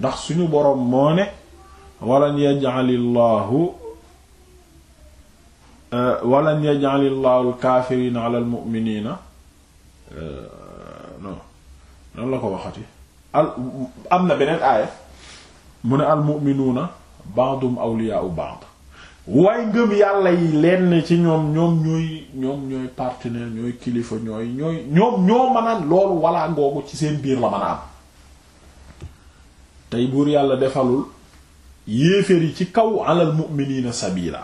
ndax suñu boroom moo ne walan yaj'alillahu euh, walan yaj'alillahu euh, na beneen aaya mu ne almu'minuuna ba'dum awliyaa'u ba'd waaye ngëm yàlla yi ci ñoom ñoom ñooy ñoom ñooy partenaire kilifa ñooy ñoom ñoo mën ngoogu ci seen biir la mën a am tey buur yàlla defalul yéeféer yi ci kaw alal mu'minina sabila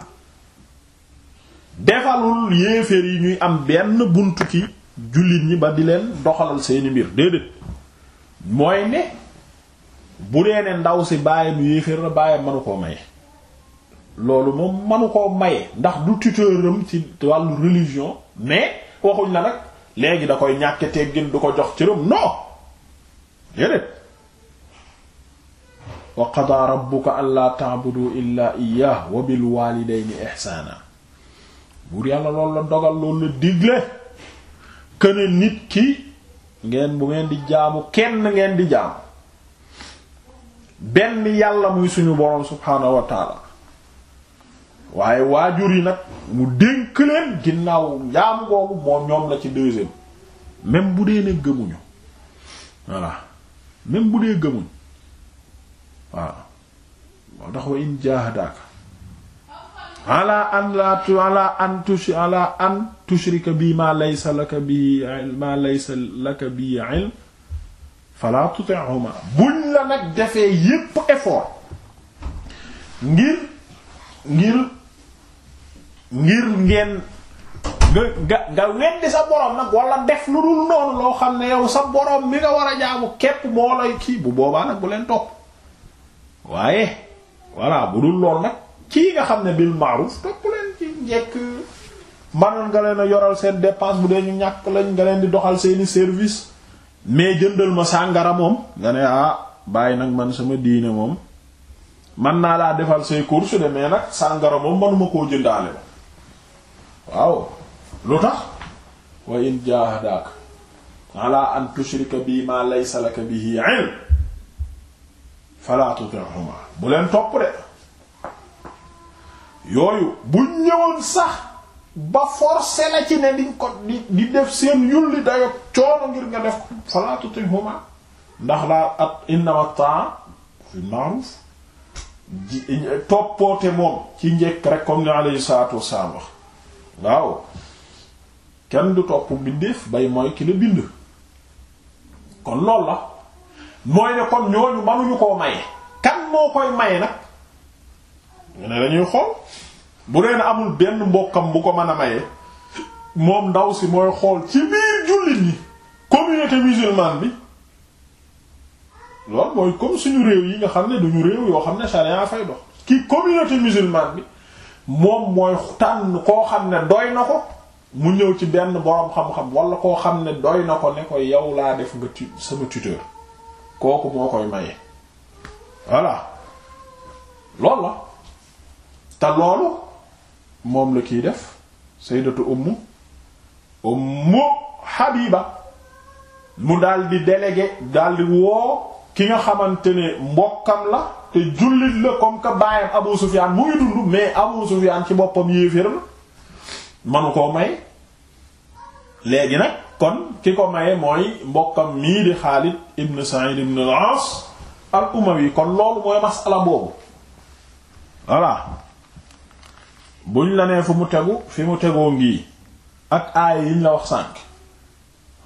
defalul yéeféer yi ñuy am benn buntu ci jullit ñi ba di leen doxalal seeni mbir déedéet mooy ne bu dee ne ndaw si baayam yéeféer la baayam manu koo maye loolu moom manu koo maye ndax du tuteuram ci wàllu religion mais waxuñ la nag léegi da koy ñàkke teggin du ko jox cëram non déedéet wa qadaa rabbuka allaa ta'budu illaa iyyaahu wa bil waalidayni ihsaana buur yàlla loolu la dogal loolu la digle këne nit ki ngeen bu ngeen di jaamu kenn ngeen di jaamu benn yàlla muy suñu boroom subhaanahu waaye waajur yi nag mu dénk leen ginnaaw jaamu googu moom ñoom la ci deuxième même bu dee ne gëmuñu voilà même bu dee gëmuñ waaw moo tax wa in jaahadaaka ala an la ala an tush ala an tushrika bi ma laysa laka bi ma laysa laka bi ilm fala tuti'huma buñ la nag defee yépp effort ngir ngir ngir ngeen nga def lu dul noonu loo xam ne yow sa borom mi nga war a jaamu képp moo lay kii bu boobaa nag bu leen topp waaye voilà bu dul lool nag kii nga xam ne bil ma'ruf topp leen ci njekk manoon nga leen a yoral seen dépense bu dee ñu ñàkk lañ nga leen di doxal seeni service mais jëndal ma sàngara moom nga ne ah bàyyi nag man sama diine moom man naa laa defal say course de mais nag sàngara moom manuma koo jëndaale la waaw lu tax wa in jaahadaaka ala an tushrika bi ma laysa laka bihi ilm fala tuti'huma bu leen topp de yooyu bu ñëwoon sax ba forcer la ci ne di di def seen yulli dayo coono ngir nga def ko fala tuti'huma ndax laa at innama ta'a fi ma'ruf toppoote moom ci njekk rek comme ni alayhi salatu wassalam wax waaw kenn du topp bindeef bay mooy ki la bind kon loolu la mooy ne kon ñooñu mënuñu koo maye kan moo koy maye nag ñu ne dañuy xool bu dee amul benn mbokkam bu ko mën a maye moom ndaw si mooy xool ci biir jullit ñi communauté musulmane bi loolu mooy comme suñu réew yi nga xam ne duñu réew yoo xam ne charia fay dox ki communauté musulmane bi moom mooy tànn koo xam ne doy na ko mu ñëw ci benn boroom xam-xam wala koo xam ne doy na ko ne ko yow laa def nga sama tuteur kooku moo koy maye voilà loolu la te loolu moom la kiy def sayyidatu ummu ummu habiba mu daldi di délégué daal ki nga xamante ne mbokkam la te jullit la comme que baayam Abu Sufyan mu ngi dund mais Abu Sufyan ci boppam yéeféer la manu koo may léegi nag kon ki ko maye mooy mbokkam mii di Xaalid ibn Sa'id ibn al-As al-Umawi kon loolu mooy masala boobu voilà buñ la nee fu mu tegu fi mu tegoo ngii ak aaya yiñ la wax sànk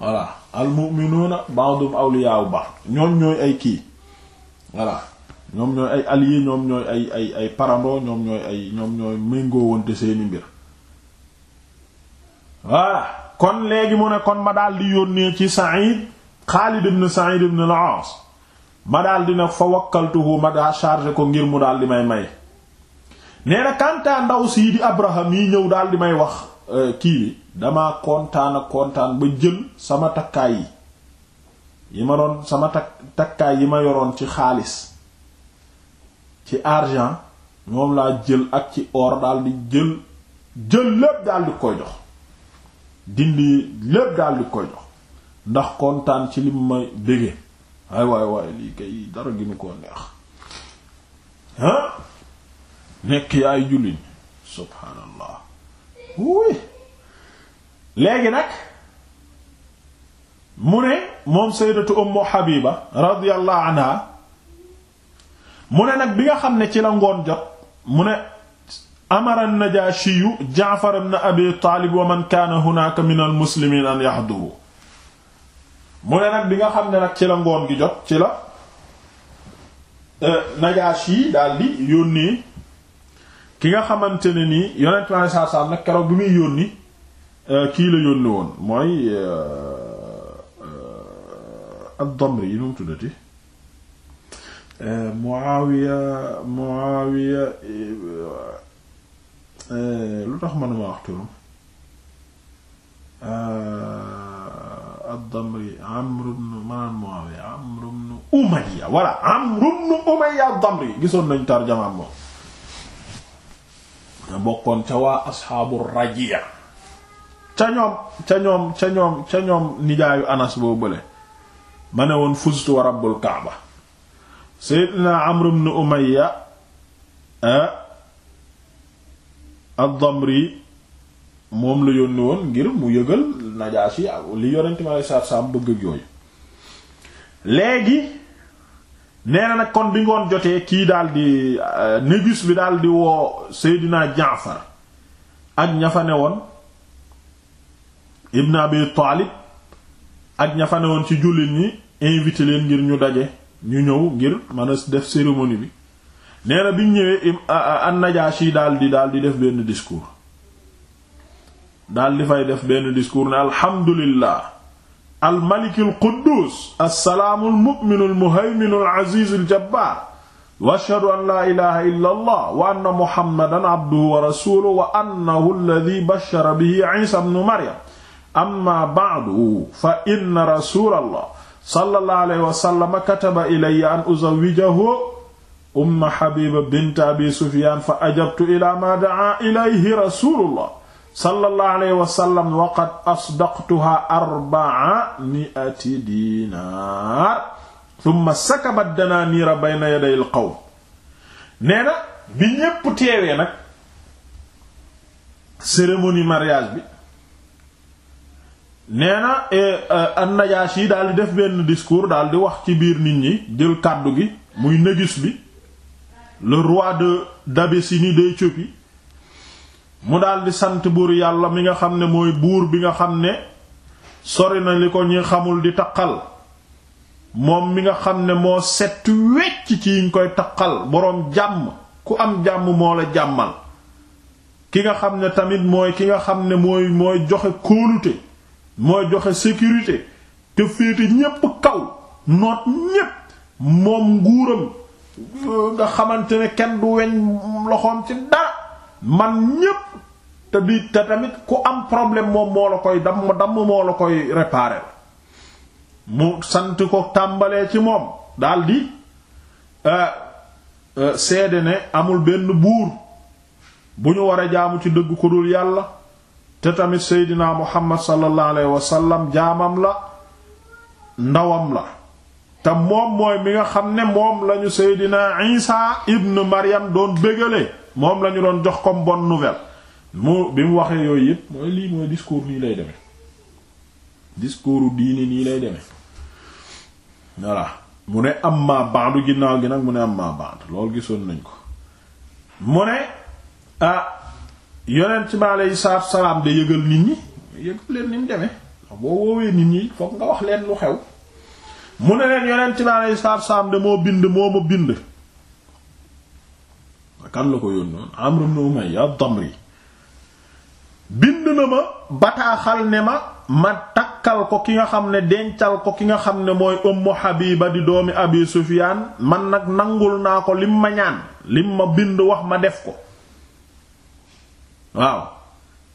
voilà al-mu'minuuna ba'dum awliyaa'u ba'd ñoom ñooy ay kii voilà ñoom ñooy ay alliés ñoom ñooy ay ay parando ñoom ñooy ay ñoom ñooy seeni mbir voilà kon léegi mu ne kon ma daal di yónnee ci Sa'id Xaalid ibn Sa'id ibn al-Aas ma daal di nag fa wakkaltuhu ma daa chargé ko ngir mu daal di may may nee na ndaw sii di Abraham yi ñëw daal di may wax euh, kii damaa kontaan ak kontaan ba jël sama takkaay yi yi ma doon sama takkaay yi ma yoroon ci xaalis ci argent moom laa jël ak ci or daal di jël jël lépp daal di koy jox dindi lépp daal di koy jox ndax kontaan ci lim ma déggee waay waay waay lii kay dara gi nu koo neex ah nekk yaay julliñ subhaanallah wuy léegi nag mu ne moom sayyidatu ummu habiba radiyallahu anha mu ne nag bi nga xam ne ci la ngoon jot mu ne amara najaashiyu jaafar ibn abi taalib wa man kaana hunaaka min al muslimiin an yaxduru mu ne nag bi nga xam ne nag cila la ngoon gi jot ci la euh, najaashi daldi yónnee ki nga xamante ne nii yonent ma ne saa saa nag keroog bi muy yónni euh, kii la yónni woon mooy euh, ad Eh, lu tax manuma wax turam eh, ad-Damri Amr ibn man Muawiya Amr ibn Umayya walla Amr ibn Umayya ad-Damri gisoon nañu tarjamaam moom nga bokkoon ca waa asxaabu rajiya ca ñoom ca ñoom ca ñoom nijaayu Anas boo bële ma ne woon fustu wa rabbul Kaaba Seydina Amr ibn Umayya eh, ad-Damri moom la yónni woon ngir mu yëgal Najaashi li yonent ma lay saar saam bëgg ak yooyu léegi nee na nag kon bi ngoon jotee kii daal di euh, négus bi daal di woo Seydina Jaafar ak ña fa ne woon Ibn Abi Taalib ak ña fa ne woon ci jullit ñi invité leen ngir ñu daje ñu ñëw ngir mën a def cérémonie bi nee na bi ñu ñëwee an-Najaashi daal di daal di def benn discours daal di fay def benn discours ne alhamdulillah almaliki alquddus assalaamu almu'minu almuhayminu alazizu aljabbaar wa ashhadu an laa ilaha illa allah wa anna muhammadan abduhu wa rasuluhu wa annahu alladhi bashara bihi isa ibn maryam amma ba'du fa inna rasulallah sallallahu alayhi wa sallam kataba ilayya an uzawwijahu umma Habiba bint Abi Sufyaan fa ajabtu ilaa maa da'aa ilayhi rasuulullah sallallahu alayhi wa sallam wa qad asdaqtuhaa arba'a mi'ati diinaar thumma sakabat danaaniira yaday al nee na bi ñépp teewee nag cérémonie mariage bi nee na eh, eh, an-Najaashi daal def benn discours daal di wax ci biir nit ñi jël kàddu gi muy négus bi le roi de d'Abyssinie d'Éthiopie mu daldi sant buur yàlla mi nga xam ne mooy buur bi nga xam ne sori na li ko ñi xamul di taqal moom mi nga xam ne moo set wecc ci yiñ koy taqal boroom jàmm ku am jàmm moo la jàmmal ki nga xam ne tamit mooy ki nga xam ne mooy mooy joxe kóolute mooy joxe sécurité te féete ñépp kaw noot ñépp moom nguuram nga xamante ne kenn du weñ loxoom ci dara man ñépp te di te tamit ku am problème moom moo la koy damm damm moo la koy réparer mu sant ko tàmbalee ci moom daldi euh, euh, seede ne amul benn buur bu ñu waree jaamu ci dëgg ko dul yàlla te tamit seydinaa muhammad sallallahu alayhi wa sallam jaamam la ndawam la te moom mooy mi nga xam ne moom lañu seydina isa ibn maryam doon bégalee moom lañu doon jox comme bonne nouvelle mu bi mu waxee yooyu yépp mooy lii mooy discours nii lay demee discoursu diini nii lay demee voilà mu ne amma ba'du ginnaaw gi nag mu ne amma ba'du loolu gisoon nañ ko mu ne ah yonent bi aleyhi salaatu wa salaam de yëgal nit ñi yëgal leen ni mu demee boo woowee nit ñi fokk nga wax leen lu xew mu ne leen yonent bi alayhi salaatu salaam de moo bind moo ma bind kan la ko yónnoon Amr ibn Umayya ad-Damri bind na ma bataaxal ne ma ma takkal ko ki nga xam ne dencal ko ki nga xam ne mooy Ummu Habiba di doomi Abi Sufyaan man nag nangul naa ko lim ma ñaan lim ma bind wax ma def ko waaw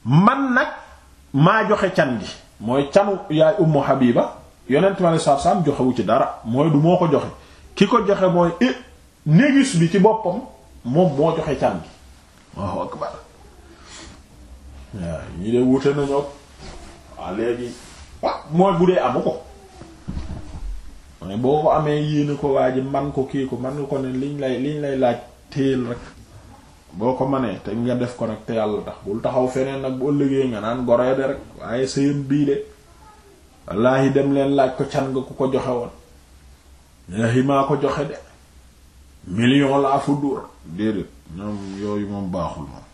man nag maa joxe can gi mooy canu yaay Ummu Habiba yonent ma ne sarsam joxewu ci dara mooy du moo ko joxe ki ko joxe mooy é eh, négus bi ci boppam moom moo joxe can gi waaw akbar waaw ñi de wute nañoo waaw léegi waaw mooy bu dee amu ko mais boo ko amee yéene ko waa ji man ko kii ko man nga ko ne liñ lay liñ lay laaj téel rek boo ko manee te nga def ko nag te yàlla tax bul taxaw feneen nag bu ëllëgee nga naan goree de rek waaye sëyën bii de wallaahi dem leen laaj ko can nga ku ko joxe woon wallaahi maa ko joxe de million laa fu dóor déedéet ñoom yooyu moom baaxul moom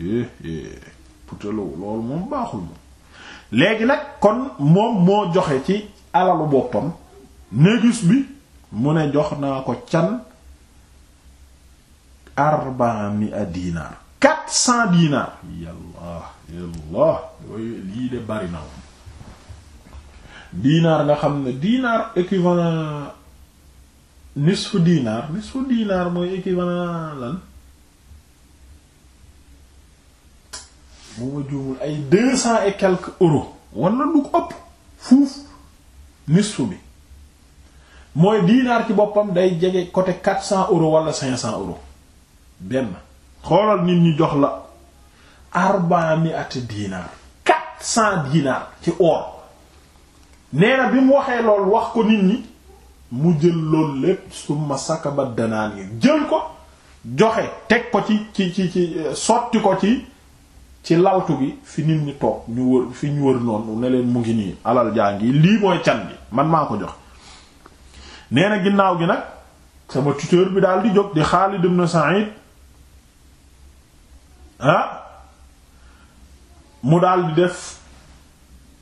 é loolu moom baaxul moom léegi nag kon moom moo joxe ci alalu boppam négus bi mu ne jox naa ko can arba mia dinar quatre cent dinar yàlla yàlla yooyu lii de bari na diinaar nga xam ne diinaar équivalent nisfu diinaar nisfu diinaar mooy équivalent lan bu ma juumul ay deux cent et quelques euros wala du ko ëpp fuuf nisfu bi mooy diinaar ci boppam day jege côté quatre cent euros wala cinq cent euros benn xoolal nit ñi jox la arbaami at diinaar quatre cent diinaar ci or nee bi mu waxee lool wax ko nit ñi mu jël loolu lépp summa sakaba danaan yi jël ko joxe teg ko ci ci ci ci sotti ko ci ci laltu gi fi nit ñi toog ñu wër fi ñu wër noonu ne leen mu ngi nii alal jaa ngi lii mooy can bi man maa ko jox nee na ginnaaw gi nag sama tuteur bi daal di jóg di Xaalid ibn Sa'id ah mu daal di def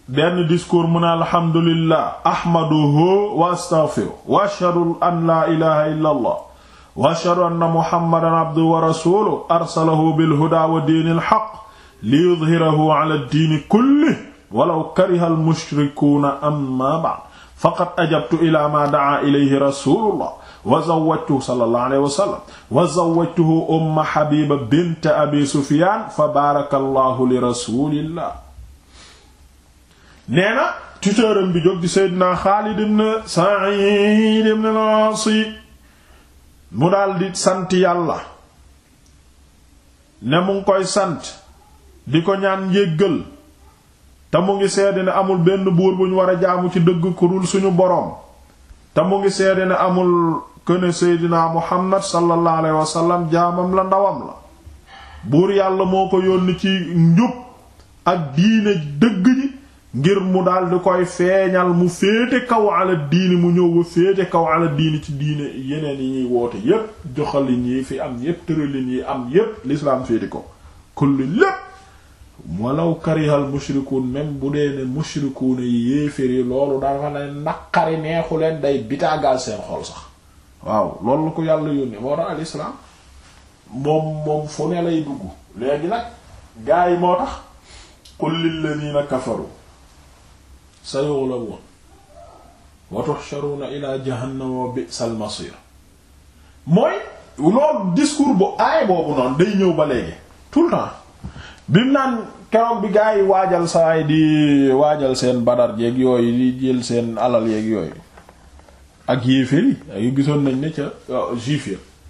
benn discours mu ne alhamdulillah ahmaduhu wa astaghfiru wa ashhadu an la ilaha illa allah wa ashhadu anna muhammadan abduhu wa rasuluhu arsalahu bilhuda wa diini alhaq liyudhhirahu ala ad-diini kullihi walaw kariha al-mushrikuuna amma ba'd faqad ajabtu ila ma da'a ilayhi rasulullah wa zawwajtuhu sallallahu alayhi wa sallam wa zawwajtuhu umma habiba bint abi sufyan fa baarakallahu li rasulillah nee na tuteuram bi jóg di Seydina Xaalid ibn Sa'id ibn al-As mu daldi sant yàlla ne mu ngi koy sant di ko ñaan njéggal te mu ngi seede ne amul benn buur bu ñu war a jaamu ci dëgg ku suñu boroom te mu ngi seede ne amul këne Seydina Muhammad sallallahu alayhi wa sallam jaamam la ndawam la buur yàlla moo ko yónni ci njub ak diine dëgg ji ngir mu daal di koy feeñal mu féete kaw ala diini mu ñëw ba féete kaw ala diini ci diine yeneen yi ñuy woote yépp joxalin yi fi am yépp tëralin yi am yépp l'islam féete ko kulli lépp walaw karihal mushrikuun même bu dee ne mushrikuuna yi yéefér yi loolu dafa ne naqari neexu leen day bitaagal seen xol sax waaw loolu la yàlla yónnee moo tax al islam moom moom fu ne lay dugg léegi nag gaa yi moo tax qul lil ladina kafaru sa yow la woon wa tuhsharuna ila jahannama wa bi'sal masir mooy loolu discours bu aay boobu noonu day ñëw ba léegi tout le temps bi mu naan keroog bi gaa yi waajal saay di waajal seen badar jeeg yooyu di jël seen alal yeeg yooyu ak yéeféer yi gisoon nañ ne ca juif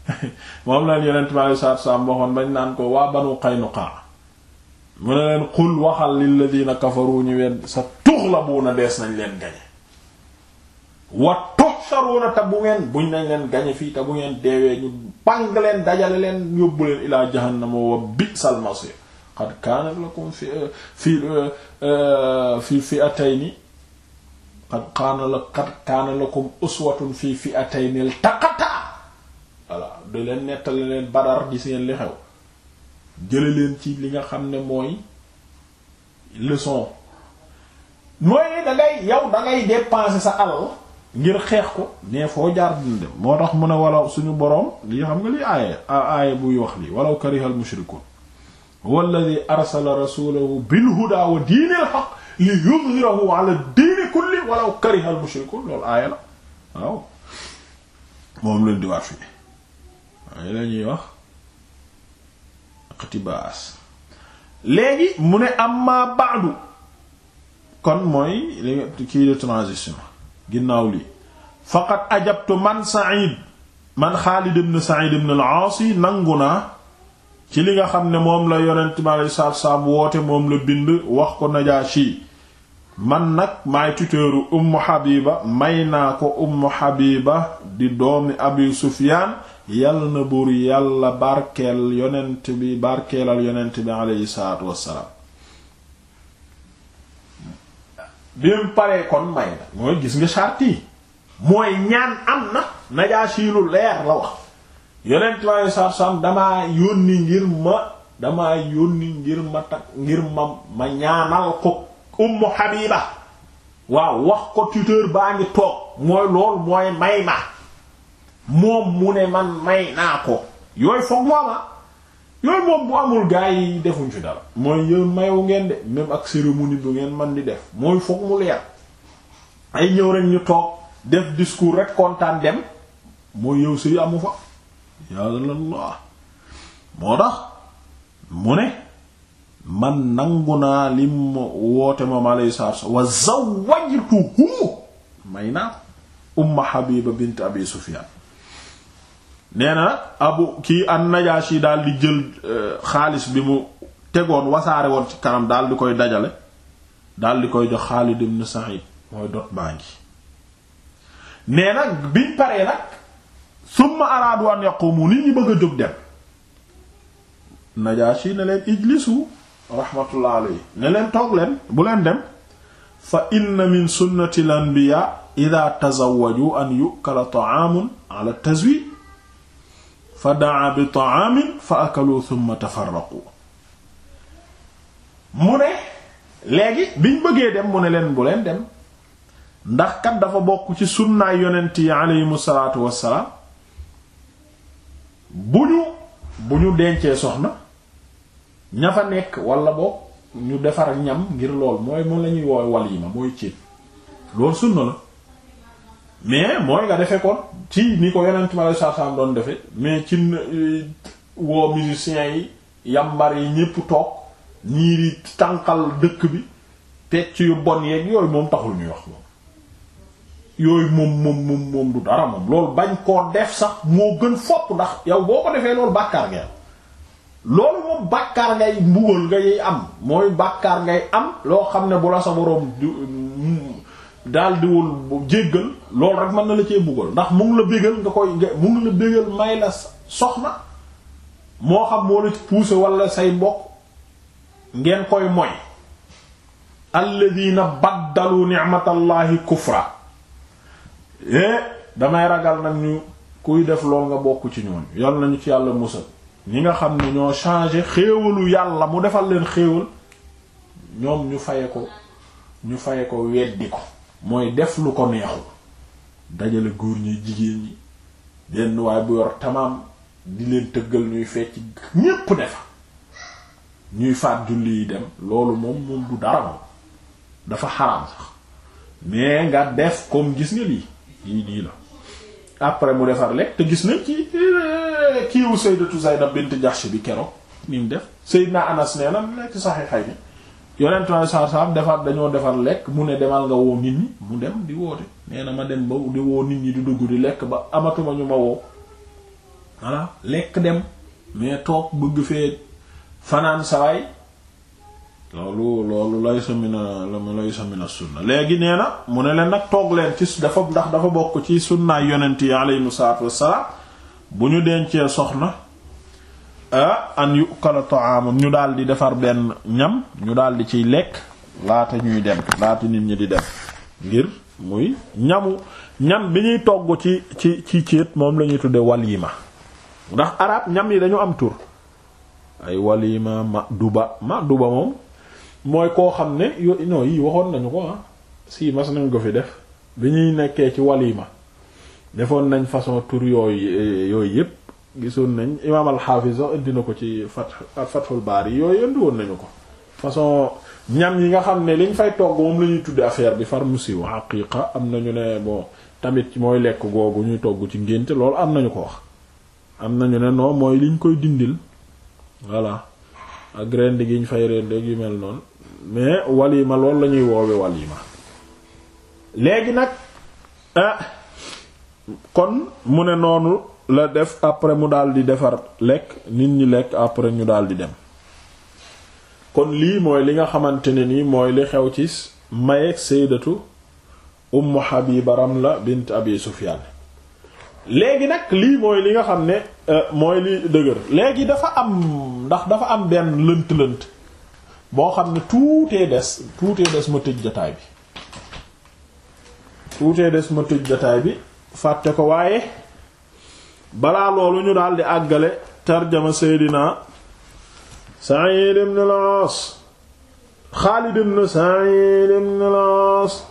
moom lañ yonent bi sallallahu alayhi wasallam waxoon naan ko waa Banu kaa mu ne leen xul waxal lilladina kafaru ñu nañ leen gañe wa tuhsharuuna te bu ngeen buñ nañ leen gañe fii te bu ngeen deewee ñu bang leen dajale leen yóbbu leen ilaa jahannama wa bi'sal masir qad kaana lakum fi fi fi fi'atayni qad kaana la qad kaana lakum uswatun fi fi'atayni iltaqata voilà da leen nettali leen Badar gis seen li xew jële leen ci li nga xam ne mooy leçon mooy da ngay yow da ngay dépenser sa alal ngir xeex ko mais foo jaar dina dem moo tax mun a wala suñu boroom lii xam nga li aaya aaya buy wax lii walaw karihal mushrikun walladi arsala rasulahu bil huda wa diinil haqq li yuzhirahu ala diini kulli karihal mushrikun loolu aaya la waaw moom lañ di wax fii waaye lañuy wax iqtibaas léegi mu ne amma ba'du kon mooy kii de transition ginnaaw lii faqad ajabtu man Sa'id man Xaalid ibn Sa'id ibn al-Aas nangu naa ci li nga xam ne moom la yonent mi aleyhi salaatu salaam woote moom la bind wax ko Najaashi man nag maay tuteeru Ummu Habiba may naa ko Ummu Habiba di doomi Abi Sufyaan yàlla na buur yàlla barkeel yonent bi barkeelal yonent bi aleyhi salaatu wassalaam bi mu paree kon may na mooy gis nga charte yi mooy ñaan am na Najaashi lu leer la wax yonent bi aleyhi salaatu damaa yónni ngir ma damaa yónni ngir ma takk ngir ma ma ñaanal ko Ummu Habiba waaw wax ko tuteur baa ngi toog mooy lool mooy may ma moom mu ne man may naa ko yooyu foog mu ama ah. yooyu moom bu amul gaa yi defuñ fi dara mooy yéen mayu ngeen de même ak cérémonie bu ngeen man di def mooy foog mu leer ay ñëw rek ñu toog def discours rek kontaan dem mooy yëw si amu fa yàlla moo tax mu ne man nangu naa lim woote moom alayhi salaatu wa zawwajtuhu may naa umma Habiba bint Abi Sufyan nee na nag abu kii an najaashi daal di jël euh, xaalis bi mu tegoon wasaare woon ci kanam daal di koy dajale daal di koy jox Xaalid ibn Sa'id mooy dot baa ngi nee nag biñ paree nag summa araadu an yaqumu nit ñi bëgg a jóg dem najaashi ne leen ijlisu rahmatullah alayhi ne leen toog leen bu leen dem fa inna min sunnati al anbiya idha tazawwaju an yu'kala ta'amun ala tazwij fa daa bi ta'amin fa akalu thumma tafarraqu mu ne léegi biñ bëggee dem mu ne leen bu leen dem ndax kat dafa bokk ci sunnaay yonent yi aleyhimu salaatu wassalaam bu ñu bu ñu dencee soxna ña fa nekk wala boog ñu defar ñam ngir lool mooy moom lañuy wooy walima mooy ci loolu sunna la mais mooy nga defee kon ci ni ko yonent ma la sarsam doon defe mais ci woo musiciens yi yambar yi ñépp toog ñii di tànqal dëkk bi pecc yu bon yeeg yooyu moom taxul ñuy wax moom yooyu moom moom moom moom du dara moom loolu bañ koo def sax moo gën fopp ndax yow boo ko defee loolu bàkkaar ngay am loolu moom bàkkaar ngay mbugal ngay am mooy bàkkaar ngay am loo xam ne bu la sa boroom daal diwul jéggal loolu rek mën na la cee buggal ndax mu ngi la bégal nga koy mu ngi la bégal may la soxna moo xam moo la ci poussé wala say mbokk ngeen koy moy alladina baddalu ni'matallahi kufra eh damay ragal nag ñu kuy def lool nga bokk ci ñoon yoon nañu ci yàlla musal ñi nga xam ne ñoo changé xéewalu yàlla mu defal leen xéewal ñoom ñu faye ko ñu faye ko weddi ko mooy def lu ko neexu dajale góor ñi jigéen ñi benn waaye bu yor tamaam di leen tëggal ñuy fecc ñépp ne fa ñuy faat julli yi dem loolu moom moom du dara moom dafa xaraam sax mais nga def comme gis nga lii lii nii la après mu defar lekk te gis nañ ci eh, kiiwu Sayyidatu Zaynab bint Jahsh bi keroog ni mu def Sayyidna Anas nee na nekk saxiixay bi yonent ma saar saar defar dañoo defar lekk mu ne demal nga woo nit ñi mu dem di woote nee na ma dem ba di woo nit ñi di dugg di lekk ba amatuma ñu ma woo voilà lekk dem mais toog bëgg fee fanaan sawaay loolu loolu lay sa mina lay sa mina sunna léegi nee na mu ne leen nag toog leen ci dafa ndax dafa bokk ci sunnaay yonent yi aleyhimu salaatu wassalaam bu ñu dencee soxna Ah, an yukala ta'amun ñu daal di defar benn ñam ñu daal di ciy lekk laata ñuy dem laata nit ñi di dem ngir muy ñamu ñam bi ñuy togg ci ci ci céet moom la ñuy tudde walima ndax arab ñam yi dañu am tur ay walima ma duba ma duba moom mooy koo xam ne yo yii waxoon nañu ko ah si mas nañ ko fi def bi ñuy nekkee ci walima defoon nañ façon tur yooyu eh, yooyu yépp gisoon nañ imaam alxaafis indi na ko ci fath fathul baar yi yooyu indi woon nañu ko façon ñam yi nga xam ne liñ fay togg moom lañuy ñuy tudde affaire bi far mu siiw haqiqa am ñu ne bon tamit mooy lekk googu ñuy togg ci ngénte loolu am nañu ko wax am ñu ne non mooy liñ koy dindil voilà ak rendi gi ñu fay rendi yu mel noonu mais walima loolu la ñuy woowe walima léegi nag ah kon mu ne noonu la def après mu di defar lekk nit ñi lekk après ñu di dem kon lii mooy li nga xamante ne nii mooy li xew ci mayeeg sayyidatu yi baram la bint Abi Sufyan léegi nag lii mooy li nga xam ne euh, mooy li dëgër léegi dafa am ndax dafa am benn lënt-lënt boo xam ne tuutee des tuutee des ma tëj jataay bi tuutee des ma tuj jataay bi fàtte ko waaye balaa loolu ñu daal di àggale tarjama seydina Sa'id ibn al-As Xaalid ibn Sa'id ibn al-As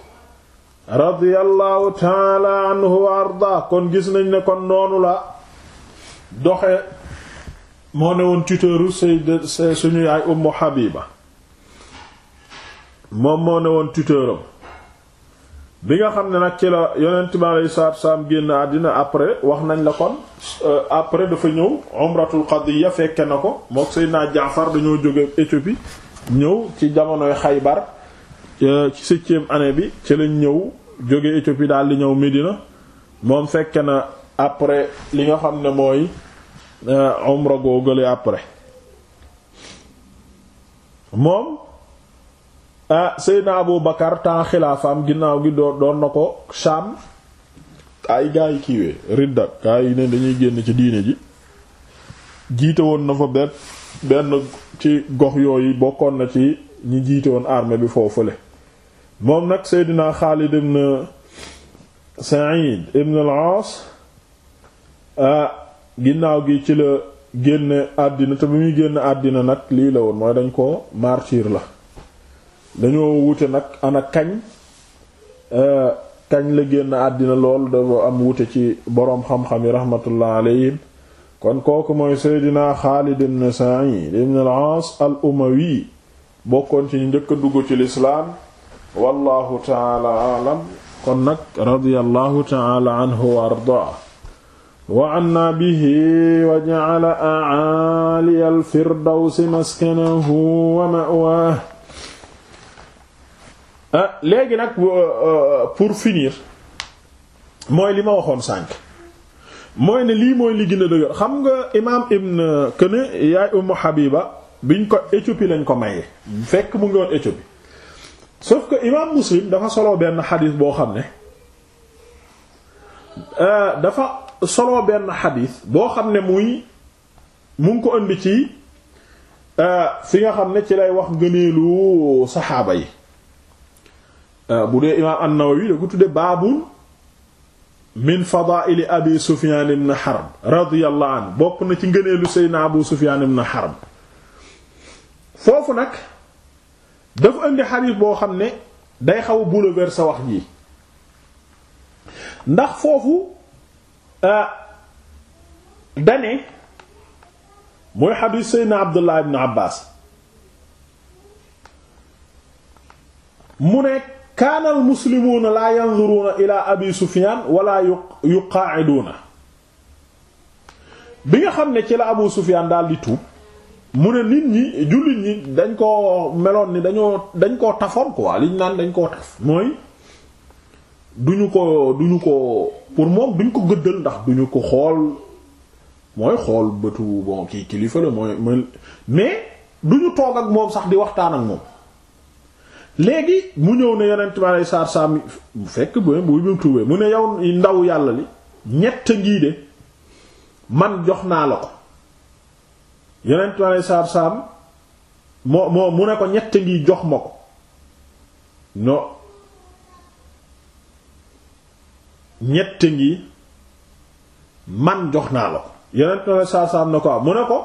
radiyallahu taala anhu wa kon gis nañ ne kon noonu la doxe moo ne woon tuteuru sayyid suñu yaay Ummu Habiba moom moo ne woon tuteuram bi nga xam ne nag ci la yonent bi saat salaatu salaam génn àddina après wax nañ la kon euh, après dafa ñëw umratul qadiya fekke na ko mook Seydina Jaafar dañoo jóge Éthiopie ñëw ci jamonoy Xaybar euh, ci septième année bi ci ñëw jóge Éthiopie daal di ñëw Médina moom fekke na après li nga xam ne mooy euh, umra googale après moom ah Seydina Abu Bakar temps xilaafaam ginnaaw gi doon na ko Sham ay gaa yi kiiwee ridda gaa yi ne dañuy génn ci diine ji jiite woon na fa benn benn ci gox yooyu bokkoon na ci ñi jiite woon armée bi foofule moom nag Seydina Xaalid ibn Sa'id ibn al-Aas ah ginnaaw gi ci la génn àddina te bu muy génn àddina nag lii la woon mooy dañ ko martyr la dañoo wute nag ana kañ euh, kañ la génn àddina loolu dafa am wute ci borom xam-xam yi rahmatullah alayhim kon kooku mooy seydina Xaalid ibn Sa'id ibn al-Aas al-Umawi bokkoon ci ñu njëkk a dugg ci lislaam wallahu taala aalam kon nag radiyallahu taala anhu wa ardaa wa anna bihi wa ja'ala a'ali al-firdawsi maskanahu wa ma'waahu Ah, léegi nag euh, euh, pour finir mooy li ma waxoon sànq mooy ne lii mooy li gën dëgër xam nga imaam ibn këne yaay Ummu Habiba biñ ko Éthiopie lañ ko maye fekk mu ngi woon Éthiopie sauf que imaam Muslim dafa solo benn xadis boo xam ne euh, dafa solo benn xadis boo xam ne muy mu ngi ko indi ci fi nga xam ne ci lay wax gëneelu saxaaba yi Euh, bu dee imaam an-Nawawi da ko tudde baabun min fadaili abi Sufyaan ibn Harb radiyallahu anhu bokk na ci ngëneelu Seydina Abu Sufyaan ibn Harb foofu nag dafa indi xadiis boo xam ne day xaw a bouleverser wax ji ndax foofu euh, dane mooy xadiis Seydina Abdullah ibn Abbaas mu nekk kaanal al laa yanzuruuna ila abi sufyaan wala yuqaa'iduuna bi nga xam ne ci la abu sufyaan daal di tuub mu ne dañ koo meloon ni dañoo dañ koo tafoon quoi liñ naan dañ koo taf mooy duñu ko duñu ko pour moom duñ ko gëddal ndax duñu ko xool mooy xool bëtu bon kii kilifa mooy mais duñu toog ak moom sax di waxtaan ak moom léegi mu ñëw ne yonent ma lay saar saam fekk bu mu tuubee mu ne yow ndaw yàlla li ñett ngii de man jox naa la ko yonent ma lay saar saam moo moo mu ne ko ñett ngi jox ma ko no ñett ngi man jox naa la ko yonent ma lay saar saam na ko am ah mu ne ko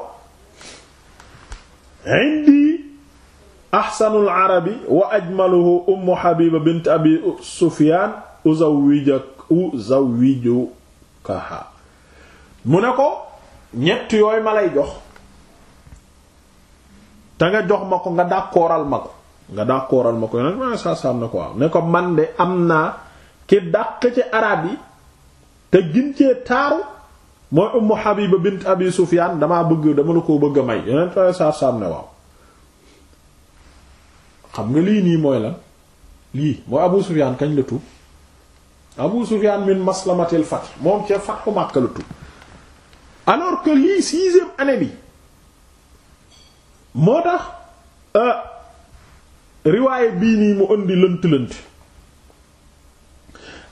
indi axsanul arabi wa ajmaluhu ummu habiba bint abi sufyan uzawwijak uzawwijukaha mu ne ko ñett yooyu ma lay jox te nga jox ma ko nga dàkkooral ma ko nga dàkkooral ma ko yoneen ma saa ne ko waaw ko man de am naa ki ci arab yi te gin cee taaru mooy ummu habiba bint abi sufyan damaa bëgg dama koo bëgg ma saa ne waaw xam nga lii nii mooy lan lii mooy Abu Sufyan kañ la tuub Abu Sufyan min maslamatil fath moom ca fathu Makka la tuub alors que lii sixième année bi moo tax euh, riwaaye bii nii mu indi lënt lënt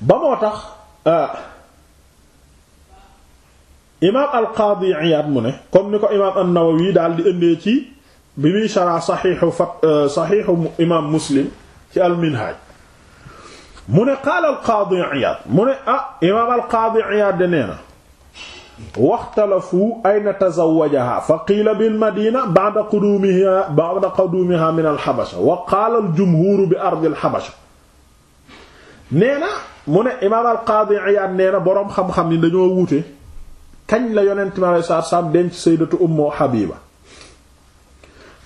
ba moo tax euh, imaam al-Qaadi Iyaad mu ne comme ni ko imaam an-Nawawi daal di indee ci bi muy shara saxiixu fa euh, saxiixu imaam muslim ci alminhaj mu ne qaala alqaadi Iyaad mu ne ah imaam alqaadi Iyaad de nee na waxtalafu ayna tazawajaha fa qiila bilmadina ba'da quduumiha ba'da quduumiha min alxabasha wa qaala aljumhuuru bi ardi alxabasha nee na mu ne imaam alqaadi Iyaad nee na boroom xam-xam ni dañoo wuute kañ la yonent mi alayhi salaatu wa salaam denc sayyidatu Ummu Habiba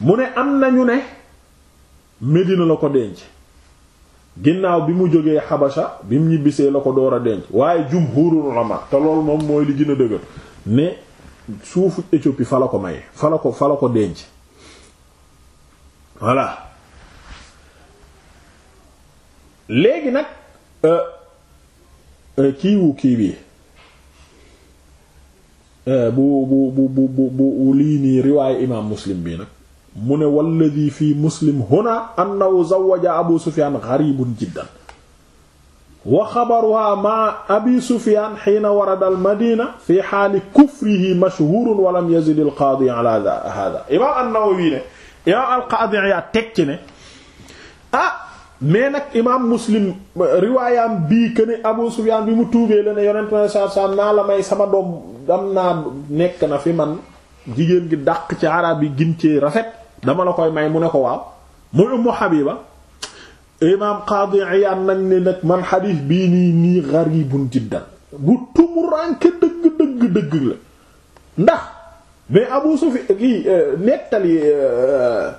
mu ne am nañu ne Medina la ko denc ginnaaw bi mu jógee xabasa bi mu ñibbisee la ko door a denc waaye jumhurul ulama te loolu moom mooy li gën a dëgër ne suuf Éthiopie fa la ko may fa la ko fa la ko denc voilà léegi nag euh, euh, kiiwu kii bi euh, bu bu bu bu bu lii nii riwaayu imaam muslim bi nag mu ne walladi fii muslim huna annahu zawaja abu sufyan gharibun jiddan wa xabaruha ma abi sufyan xiina warada almadina fi xaali kufrihi mashhurun walam yazid alqaadi ala hada imaam an-Nawawi ne imaam alqaadi yaa teg ci ne ah mais nag imaam muslim riwaayam bii que ne abu sufyan bi mu tuubee la ne yonent ma saa saa naa la may sama doom dam naa nekk na fi man jigéen gi dàq ci arab yi gin cee rafet dama la koy may mu ne ko waaw muy ummu Habiba imaam Qadi Iyad nag ne nag man xadiis bii nii nii gharibun jiddan bu tumuranke dëgg dëgg dëgg la ndax mais Abu Sufyan kii euh, nettali euh,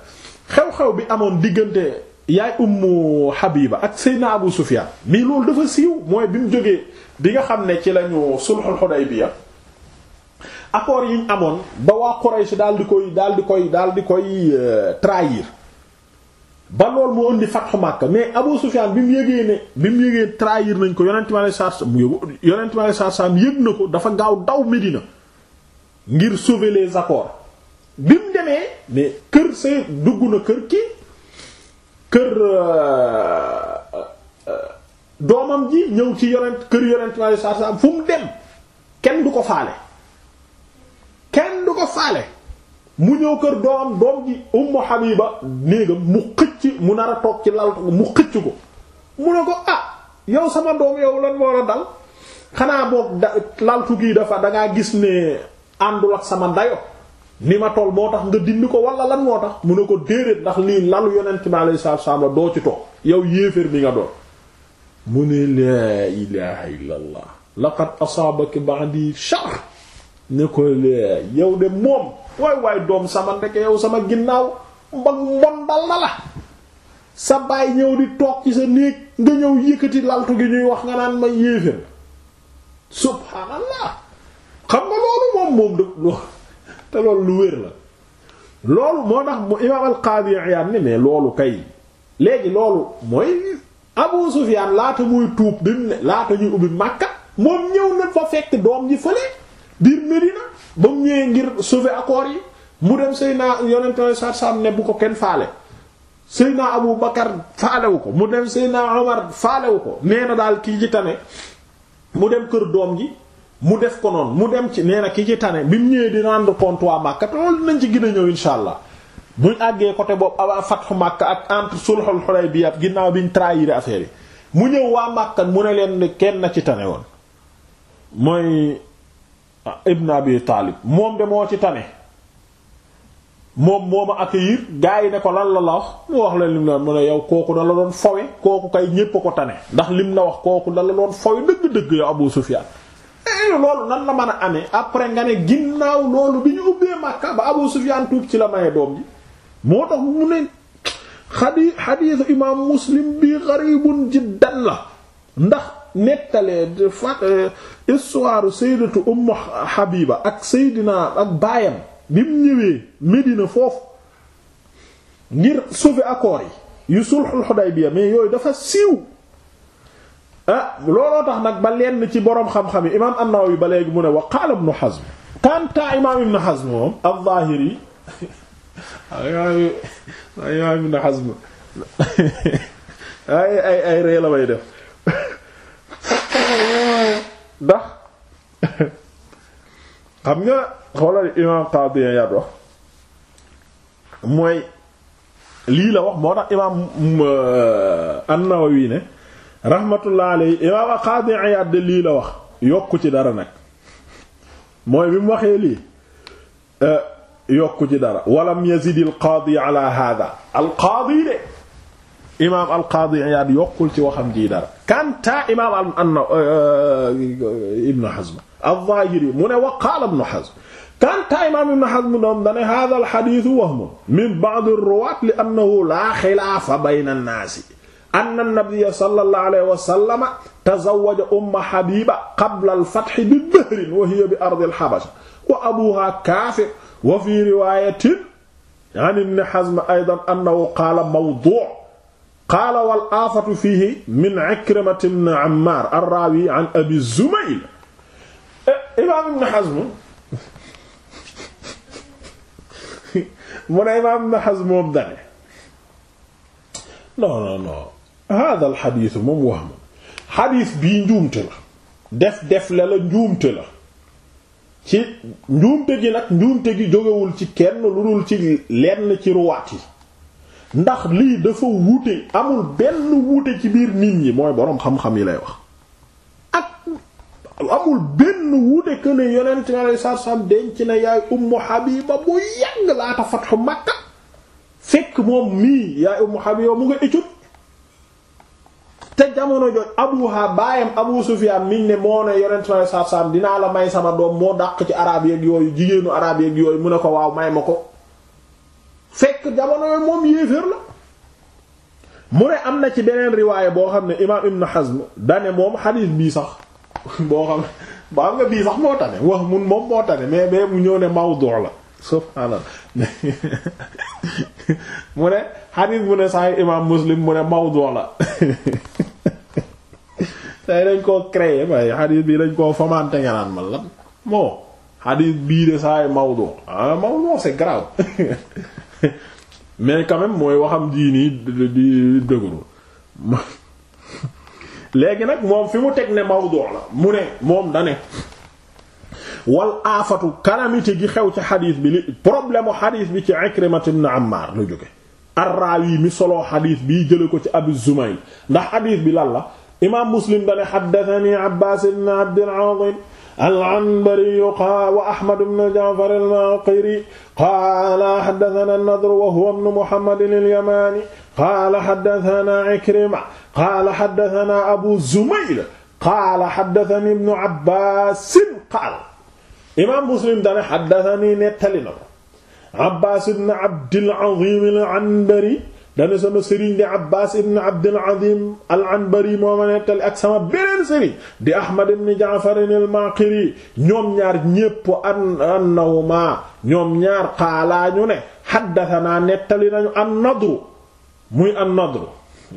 xew-xew bi amoon diggante yaay ummu Habiba ak Seydina Abu Sufyan mais loolu dafa siiw mooy bi mu jógee bi nga xam ne ci lañu sulhul Hudaybiya accord yi ñu amoon ba waa Quraysh daal di koy daal di koy dal di koy euh, trahir ba lool mu indi fatxu Makka mais Abu Sufyan bi mu yëgee ne bi mu yëgee trahir nañ ko yonent mi alayhi salaatu salaam yonent mi alayhi yëg na ko dafa gaaw daw Medina ngir sauver les accords bi demee mais kër dugg na kër kii kër euh, euh, doomam ji ñëw ci yonent kër yonent mi alayhi salaatu fu mu dem kenn du ko faale. ko faale mu ñëw kër doom doom ji ummu Habiba néegam mu xëcc mu nar a toog ci lal mu xëcc ko mu ne ko ah yow sama doom yow lan war a dal xanaa boog da laltu gii dafa dangaa gis ne àndul ak sama dayo ni ma toll moo tax nga dindi ko wala lan moo tax mu ne ko déedéet ndax lii lalu yonent bi alayhi salaatu salaam la doo ci toog yow yéeféer bi nga ne ko lee yow de moom waay waay doom sama ndeke yow sama ginnaaw mbag mbon dal na la sa baay ñëw di toog ci sa néeg nga ñëw yëkkati laltu gi ñuy wax nga naan ma yéefér subhaanallah xam nga loolu moom moom dë te loolu lu wér la loolu moo tax mu imaam al-Qaadi Iyaad ni loolu kay léegi loolu mooy Abu Sufyaan laata muy tuub bi mu ne laata ñuy ubbi Makka moom ñëw na fa fekk doom ji fële biir Medina ba mu ñëwee ngir sauver accords yi mu dem Seyna yonent Yàlla sar sam ne bu ko kenn faale Seyna Abu Bakar faalewu ko mu dem naa Omar faalewu ko nee na daal kii ci tane mu dem kër doom ji mu def ko noonu mu dem ci nee na kii ci tane bi mu ñëwee di rendre compte waa Makka tool nañ ci gën a ñëw insha allah buñ àggee côté boobu avant ah, ah, fatxu Makka ak entre sulhul Hudaybiya ginnaaw biñ trahir affaire yi mu ñëw waa Makka mu ne leen kenn na ci tane woon Ah, ibn abi taalib moom de moo ci tane moom moo ma accueillir gars yi ne ko lan la la wax mu wax la lim la mu ne yow kooku da la doon fawe kooku kay ñépp a ko tane ndax lim la wax kooku da la doon fawe dëgg-dëgg yow Abu Sufyan eh, loolu nan la mën a amee après nga ne ginnaaw loolu bi ñu ubbee Makka ba Abu Sufyan tuub ci la maye doom ji moo tax mu ne xadi xadiisu imaam Muslim bi xaribun jiddan la ndax nettalee de histoire sayyidatu ummu habiba ak saydina ak baayam bi mu ñëwee Medina foofu ngir sauver accords yi yu sulhul Hudaybiya mais yooyu dafa siiw ah looloo tax nag ba lenn ci boroom xam-xam yi imaam an-Nawawi ba léegi mu ne wa qaala ibn Hazm kanta imaam ibn Hazm moom az-Zahiri ay ree la may def ndax xam nga xoolal imaam Qadi Iyad wax mooy lii la wax moo tax imaam mm, euh, An-Nawawi ne rahmatullah alayhi imaam Qadi Iyad de lii la wax yokku ci dara nag mooy bi mu waxee lii euh, yokku ci dara walam yazid al qaadi ala hada al qaadi de imaam al-Qaadi Iyaad yokkul ci waxam ji dara. Kanta imaam an euh, euh, Ibn Hazm az-Zaahiri mu ne wa qaala Ibn Hazm Kanta imaam Ibn Hazm moom da ne haadha al-hadiith wahm min ba'd ar-ruwaat li annahu laa xilaafa bayna an-naas anna an-nabiyya sallallahu alayhi wa sallam tazawwaja umma Habiba qabla al-fath bi dahrin wa hiya bi ardi al-Habasha wa abuha kaafir wa fi riwaayatin an Ibn Hazm aydan annahu qaala mawduu' qaala wal aafatu fiihi min Ikrimata ibn Ammaar ar-raawi an Abi Zumayl eh, imaam Ibn Hazm mu ne imaam Ibn Hazm moom dane non non non haadal xadiis moom wax ma xadiis bii njuumte la def def la la njuumte la ci njuumte gi nag njuumte gi jógewul ci kenn lu dul ci lenn ci ruwaat yi ndax lii dafa wuute amul benn wuute ci biir nit ñi mooy boroom xam-xam yi lay wax ak amul benn wuute que ne yonent na lay sarsam denc na yaay ummu Habiba bu yàgg laata fatxu Makka fekk moom mii yaay ummu Habiba mu nga Éthiopie te jamono joj abuha baayam Abu Sufyan miñ ne moo ne yonent na lay sarsam dinaa la may sama doom moo dàq ci araab yeeg yooyu jigéenu araab yeeg yooyu mu ne ko waaw may ma ko fekk jamono yooyu moom yéeféer la mu ne am na ci beneen riwaaya boo xam ne imaam Ibn Hazm dane moom xadiis bii sax boo xam ba am nga bii sax moo tane wax mun mais mais mu ñëw ne mawdu la subhaanallah mu ne xadiis mu ne imaam Muslim mu ne mawdu la tey dañ koo créé waaye xadiis bii dañ koo famante nga naan man moo xadiis bii de sax mawdu ah mawdu c'est grave mais quand mooy waxam jii nii di dëgërul léegi nag moom fi mu teg ne mawdu la mu ne moom da ne wal aafatu calamité gi xew ci xadiis bi li problème u xadiis bi ci Ikrimat ibn Ammar lu jóge arraawi mi soloo xadiis bi jële ko ci Abu Zumayl ndax xadiis bi lan la imaam Muslim da xaddathani Abbaas ibn Abdul al-Anbari qaala wa Ahmad ibn Ja'far al-Maqiri qaala haddathana an-Nadr wa huwa ibn Muhammad al-Yamani qaala haddathana Ikrima qaala haddathana Abu Zumayl qaala haddathani ibn Abbas qaala imaam Muslim dana haddathani nettali na ko Abbas ibn Abd al-Azim al-Anbari dana sama sëriñ di Abbaas ibn Abdul Azim al-Anbari moo ma nettali ak sama beneen sëriñ di Ahmad ibn Jaafar al-Maqiri ñoom ñaar ñépp an annahuma ñoom ñaar xaalaa ne haddathanaa nettali nañu an-Nadru muy an-Nadru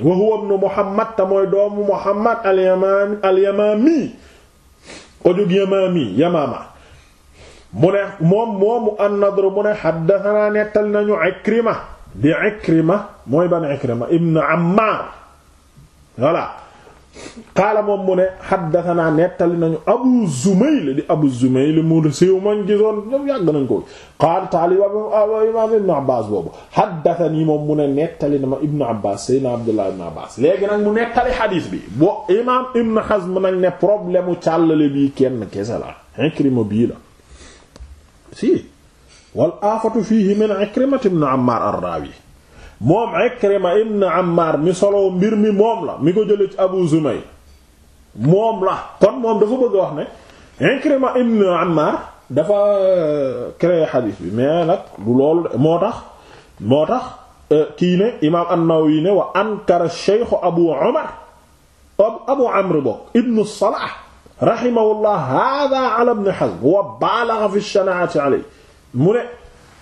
wa huwa ibn Muhammad te doomu Muhammad al-Yamaami al-Yamaami Yamaama mu ne moom moomu an-Nadru mu ne haddathanaa nettali nañu Ikrima di Ikrima mooy ban Ikrima ibn Ammar voilà qaala moom mu ne xaddatanaa nettali nañu Abu Zumayl di Abu Zumayl mu siiw mañ gisoon ñoom yàgg nañ ko qaala taali wa imaam Ibn Abbas boobu xaddatanii moom mu ne nettali na ma Ibn Abbas Seydina Abdullah Ibn Abbas léegi nag mu nettali xadiis bi bo imaam Ibn Hazm nag ne problème u càllale bii kenn kese la Ikrima bii la si wal aafatu fiihi min Ikrimata ibn Ammaar ar-Raawi moom Ikrima ibn Ammaar mi solo mbir mi moom la mi ko jëlee ci Abu Zumayr moom la kon moom dafa bëgg a wax ne Ikrima ibn Ammaar dafa euh, créé xadiis bi mais nag du loolu moo tax moo tax euh, kii ne imaam an-Nawawi ne wa ankara Cheikh Abu Umar Abu Amr bokk ibn Salah rahimahullah haaza ala ibn Hazm wa baalagha fi ash-shanaa'ati alayhi mu ne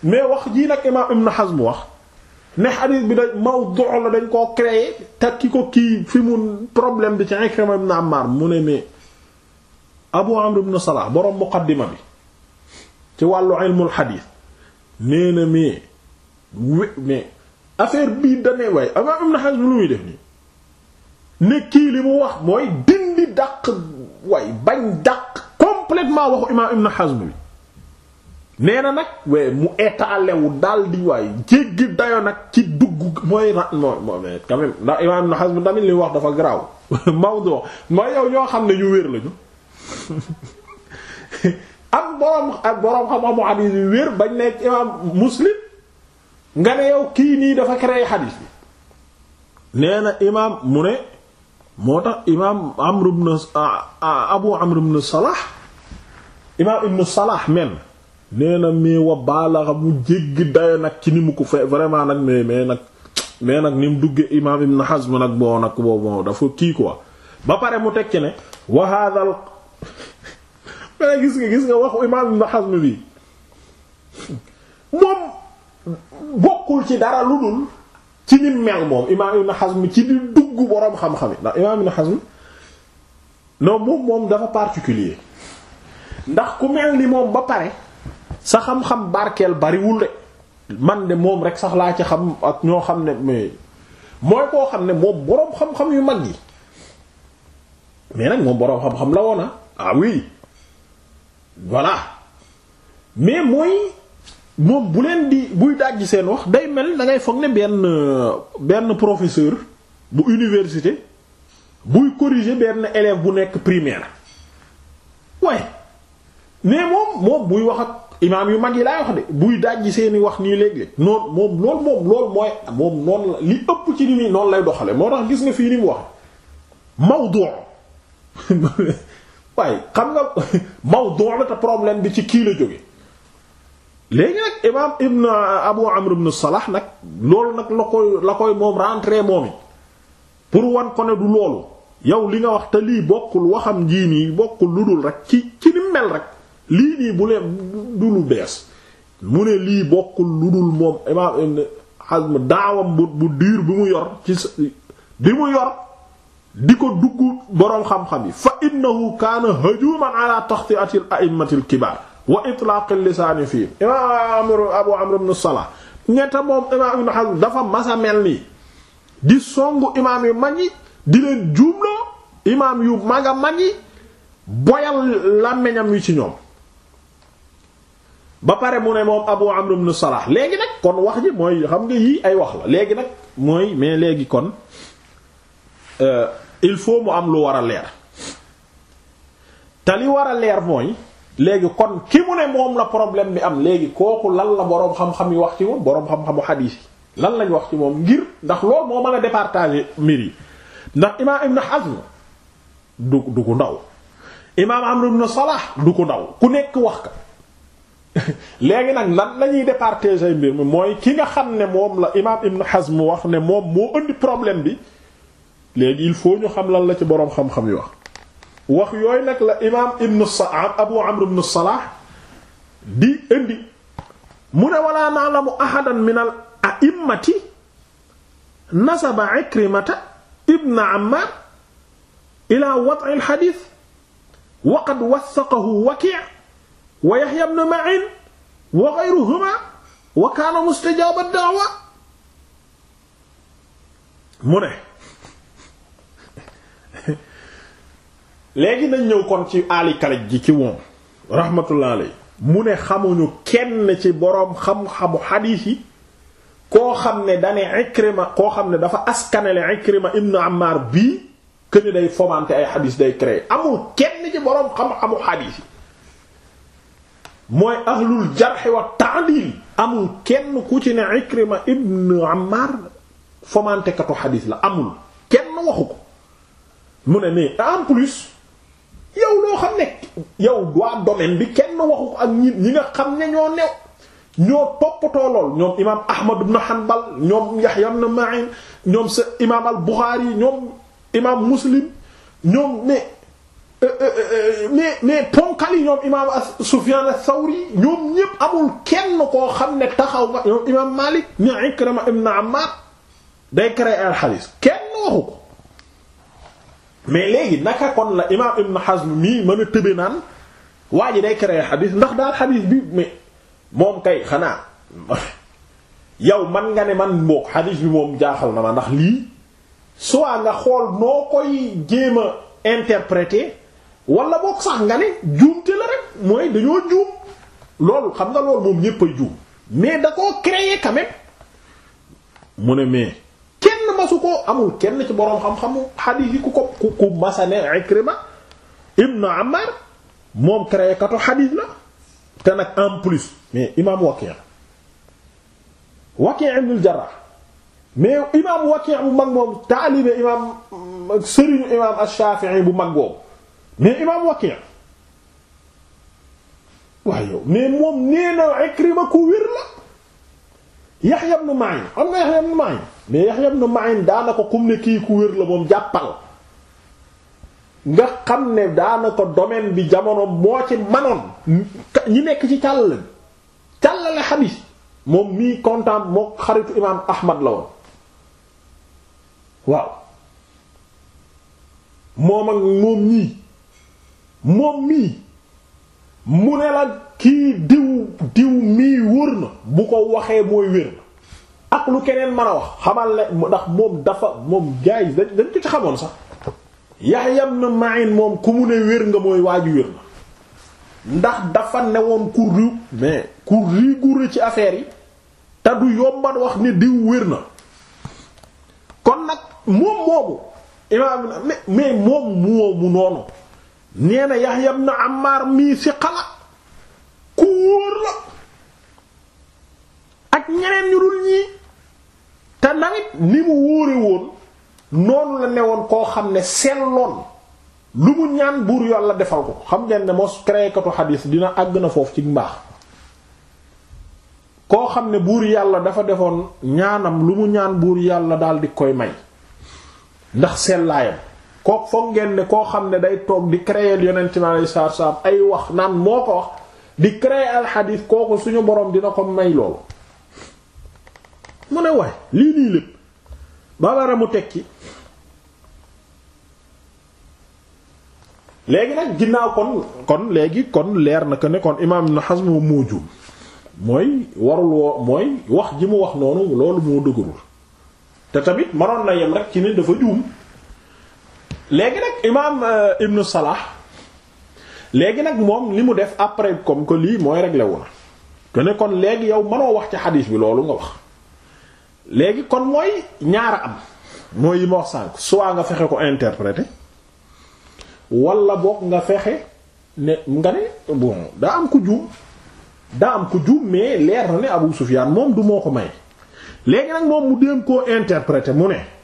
mais wax jii nag imaam Ibn Hazm wax ne xadiis bi dañ mawdu la dañ koo créé te ki ko kii fi mu problème bi ci Ikrima ibn Ammar mu ne mais Abu Amr ibn Salah borom muqaddima bi ci wàllu ilmul xadiis na mais lu muy def nii ne kii li mu wax mooy dindi daq waaye bañ dàq complètement waxu imaam Ibn Hazm bi nee na nag we mu étalé wu daal di dayo nag ci dugg mooy ra mooy mooy quand même ndax Imaam Ibn wax dafa garaaw mawdu mooy yow xam ne ñu wér lañu am boroom xam-xamu xadiis yu wér bañ nekk Imaam Muslim nga ne yow kii nii dafa créé xadiis bi nee na Imaam mu ne moo tax Imaam Amr ibn ah, ah, Abu Amr ibn Salah Imaam Ibn Salah men nee na mais wa baalaxa mu jéggi dayo nag ci ni mu ko fe vraiment nag mais mais nag mais nag ni mu dugge imaam Ibn Hazm nag boo nag boobu dafa kii quoi ba pare mu teg ci ne wa gis nga gis nga waxu imaam Ibn moom bokkul ci dara lu dul ci ni mel moom imaam Ibn Hazm ci di dugg boroom xam-xam ndax imaam Ibn Hazm non moom moom dafa particulier ndax ku mel ni moom ba pare sa xam-xam barkeel bariwul de man de moom rek sax laa ci xam ak ñoo xam ne mooy koo xam ne moom boroom xam-xam yu mag yi mais nag moom boroom xam-xam la woona a ah. ah oui voilà mais mooy moom bu leen di buy dajji seen wax day mel da ngay foog ne benn benn professeur bu université buy corriger benn élève bu nekk primaire waaye mais moom moom buy wax ak imaam yu mag yi laay wax de buy dajji seeni wax nii léegi léeg noonu moom loolu moom loolu mooy moom noonu li ëpp ci ni mi noonu lay doxale moo tax gis nga fii ni mu wax mawdu' waaye xam nga mawdu' la te problème bi ci kii la jóge léegi nag imaam ibn abu amr ibn salah nag loolu nag la koy la koy moom rentre moom it pour wan ko ne du loolu yow li nga wax te lii bokkul waxam jii nii bokkul lu dul rek ci ci ni mel rek lii nii bu leen du lu bees mu ne lii bokkul lu dul moom imaam ibn Hazm daawam bu bu diir bi mu yor ci bi mu yor di ko dugg boroom xam-xam yi fa innahu kaana hajuman ala taxti'ati al-a'immati al-kibaar wa ñetta moom imaam ibn Hazm dafa masa mel nii di songu imaam yu mag yi di leen juumloo imaam yu mag a mag yi boyal làmmiñam yu ci ñoom ba pare mu ne moom Abu Amr ibn Salah léegi nag kon wax ji mooy xam nga yii ay wax la léegi nag mooy mais léegi kon euh, il faut mu am lu war a leer te li war a leer mooy léegi kon ki mu ne moom la problème bi am léegi kooku lan la boroom xam-xam yi wax ci moom boroom xam-xamu xadiis yi lan lañ wax ci moom ngir ndax loolu moo mën a départager mbir yi ndax imaam Ibn Hazm du du ko ndaw imaam Amr ibn Salah du ko ndaw ku nekk wax ka léegi nag lan lañuy départager mbir mi mooy ki nga xam ne moom la imaam Ibn Hazm wax ne moom moo indi problème bi léegi il faut ñu xam lan la ci boroom xam-xam yi wax wax yooyu nag la imaam Ibn Sa'ad Abu Amr ibn Salah di indi mu ne wala na'lamu ahadan min al a'immati nasaba Ikrimata ibn Ammar ila wat'i al wa qad wathaqahu Waki' wa Yahya ibn Ma'in wa ghayruhuma wa kaana mustajaaba ad mu ne léegi nañ ñëw kon ci aali kalaj ji ci woom rahmatullah alay mu ne xamuñu kenn ci boroom xam-xamu xadiis yi koo xam ne dane Ikrima koo xam ne dafa askanale Ikrima ibn Ammar bii këni day fomante ay xadiis day créer amul kenn ci boroom xam-xamu xadiis yi mooy ahlul jarxi wa ta'dil amul kenn ku ci ne Ikrima ibn Ammar fomantekatu xadiis la amul kenn waxu ko mu ne mais en plus yow loo xam ne yow waa domaine bi kenn waxu ko ak ñi ñi nga xam ne ñoo new ñoo toppatoo lool ñoom imaam Ahmad ibn Hanbal ñoom Yahya ibn Ma'in ñoom sa imaam al Bukhari ñoom imaam Muslim ñoom ne mais mais ponkal yi ñoom imaam Sufyaan as-Sawri ñoom ñépp amul kenn koo xam ne taxaw nga ñoom imaam Maalik ni Ikrima na Ammaar day créé al xadiis kenn waxu ko mais léegi naka kon la imaam Ibn Hazm mii mën a tëbe naan waa ji day créé xadiis ndax daal xadiis bi mais moom kay xanaa yow man nga ne man mboog xadiis bi moom jaaxal na ma ndax lii soit nga xool noo koy jéem a interpréter wala boog sax nga ne juumte la rek mooy dañoo juum loolu xam nga loolu moom ñépp ay juum mais da koo créer quand mu ne mais kenn masu ko amul kenn ci boroom xam-xamu xadiis yi ku ko ku ku masane Ikrima ibn Ammar moom créer katu xadiis la te nag en plus mais imaam Waki' Waki' ibn al-Jarrah mais imaam Waki' bu mag moom taalibe imaam sëriñu imaam Ash-Shafi'i bu mag boobu mais imaam Waki' waaye yow mais moom nee na Ikrima ku wér la Yahya ibn Ma'in am na Yahya ibn Ma'in mais Yahya ibn Ma'in daanaka kum ne kii ku la moom jàppal nga xam ne daanaka domaine bi jamono moo ci manoon ñi nekk ci càll la càll la moom mii kontaan moo xaritu imaam Ahmad la woon waaw moom ak moom ñii moom mii mu ne la kii diw diw mii wër na bu ko waxee mooy wér na ak lu keneen mën a wax xamal ne ndax moom dafa moom gars yi dañ ci xamoon sax Yahya ibn Ma'in moom ku mu ne wér nga mooy waaju wér na ndax dafa newoon ku riw mais ku rigoureux ci affaire yi te du yombat wax ni diw wér na kon nag moom moomu imaam mais moom moomu noonu nee na Yahya ibn Ammar mii siqa la ku wóor la ak ñeneen ñu dul ñii te nawet ni mu wóore noonu la newoon koo xam ne selloon lu mu ñaan buur yàlla defal ko xam ngeen ne mos créekatu xadiis dina àgg na foofu ci mbaax koo xam ne buur yàlla dafa defoon ñaanam lu ñaan buur yàlla daal di koy may ndax sellaayam kook foog ngeen ne koo xam ne day toog di créer yonent mi alayhi salaatu salaam ay wax naan moo ko wax di créer alxadiis kooku suñu borom dina ko may loolu mu ne waaye mu tekki léegi nag ginnaaw kon kon léegi kon leer na que ne kon imaam Ibn Hazm moo mooy warul woo wax ji mu wax noonu loolu moo dëgërul te tamit mënoon na yem rek ci ne dafa juum léegi nag imaam euh, Ibn Salah léegi nag moom li mu def après comme que lii mooy réglé wu na que ne kon léegi yow mënoo wax ci xadiis bi loolu nga wax léegi kon mooy ñaar am mooy yi ma wax sànq soit nga fexe ko interpréter wala boog nga fexe ne nga ne bon daa am ku juum daa am ku juum mais leer na ne Abu Sufyaan moom du moo ko may léegi nag moom mu dem koo interpréter mu ne.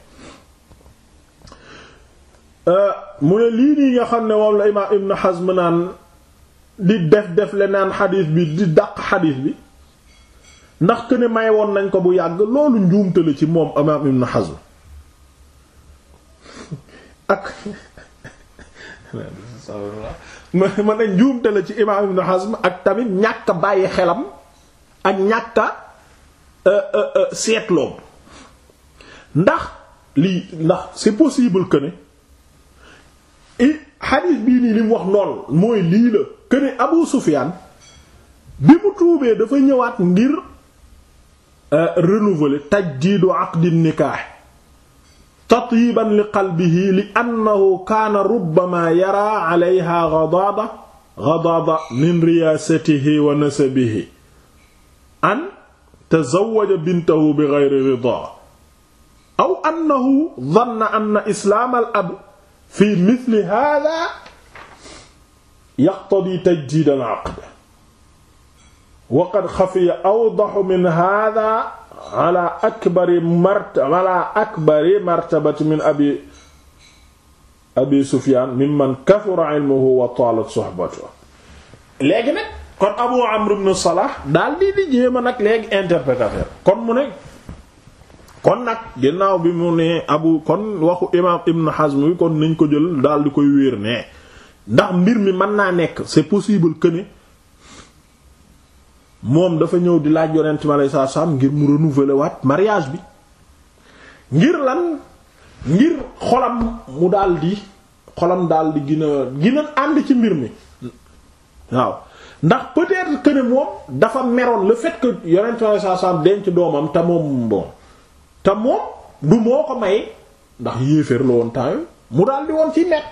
mu ne lii nii nga xam ne moom la imaam Ibn Hazm naan di def def le naan xadiis bi di daq xadiis bi ndax que ne may woon nañ ko bu yàgg loolu njuumte ci moom imaam Ibn Hazm ak ma ci imaam Ibn Hazm ak tamit ñàkk bàyyi xelam ak ñàkk euh, euh, euh, seetloo ndax lii ndax c'est possible que i xadiis bii nii li mu wax noonu mooy lii la Abu Sufyaan bi mu tuubee dafa ñëwaat ngir euh, renouveler tajdiidu aqdi nikaax tatyiban li qalbihi li annahu kaana rubbama yara alayha ghadaada ghadaada min riyaasatihi wa nasabihi an tazawwaja bintahu bi ghayri ridaa aw annahu dhanna anna islaam al ab fii mithli hada yaqtadi tajdid al aqd wa qad xafiya awdaxu min hada ala akbari mart ala akbari martabati min abi abi sufyan mimman kathura ilmuhu wa talat suhbatuhu léegi nag kon abu amr ibn salah daal di di jéema nag léegi interprétateur kon mu ne kon nag ginnaaw bi mu ne abu kon waxu imaam Ibn Hazm bi kon nañ ko jël daal di koy wéer ne ndax mbir mi mën naa nekk c'est possible que moom dafa ñëw di laaj yonent mi alayhi salaatu salaam ngir mu renouveler waat mariage bi ngir lan ngir xolam mu daal di xolam daal di gën ànd ci mbir mi waaw ndax peut-être que ne moom dafa meroon le fait que yonent mi denc doomam te moom bon te moom du moo ko may ndax yéeféer la woon temps mu daal di woon ci nekk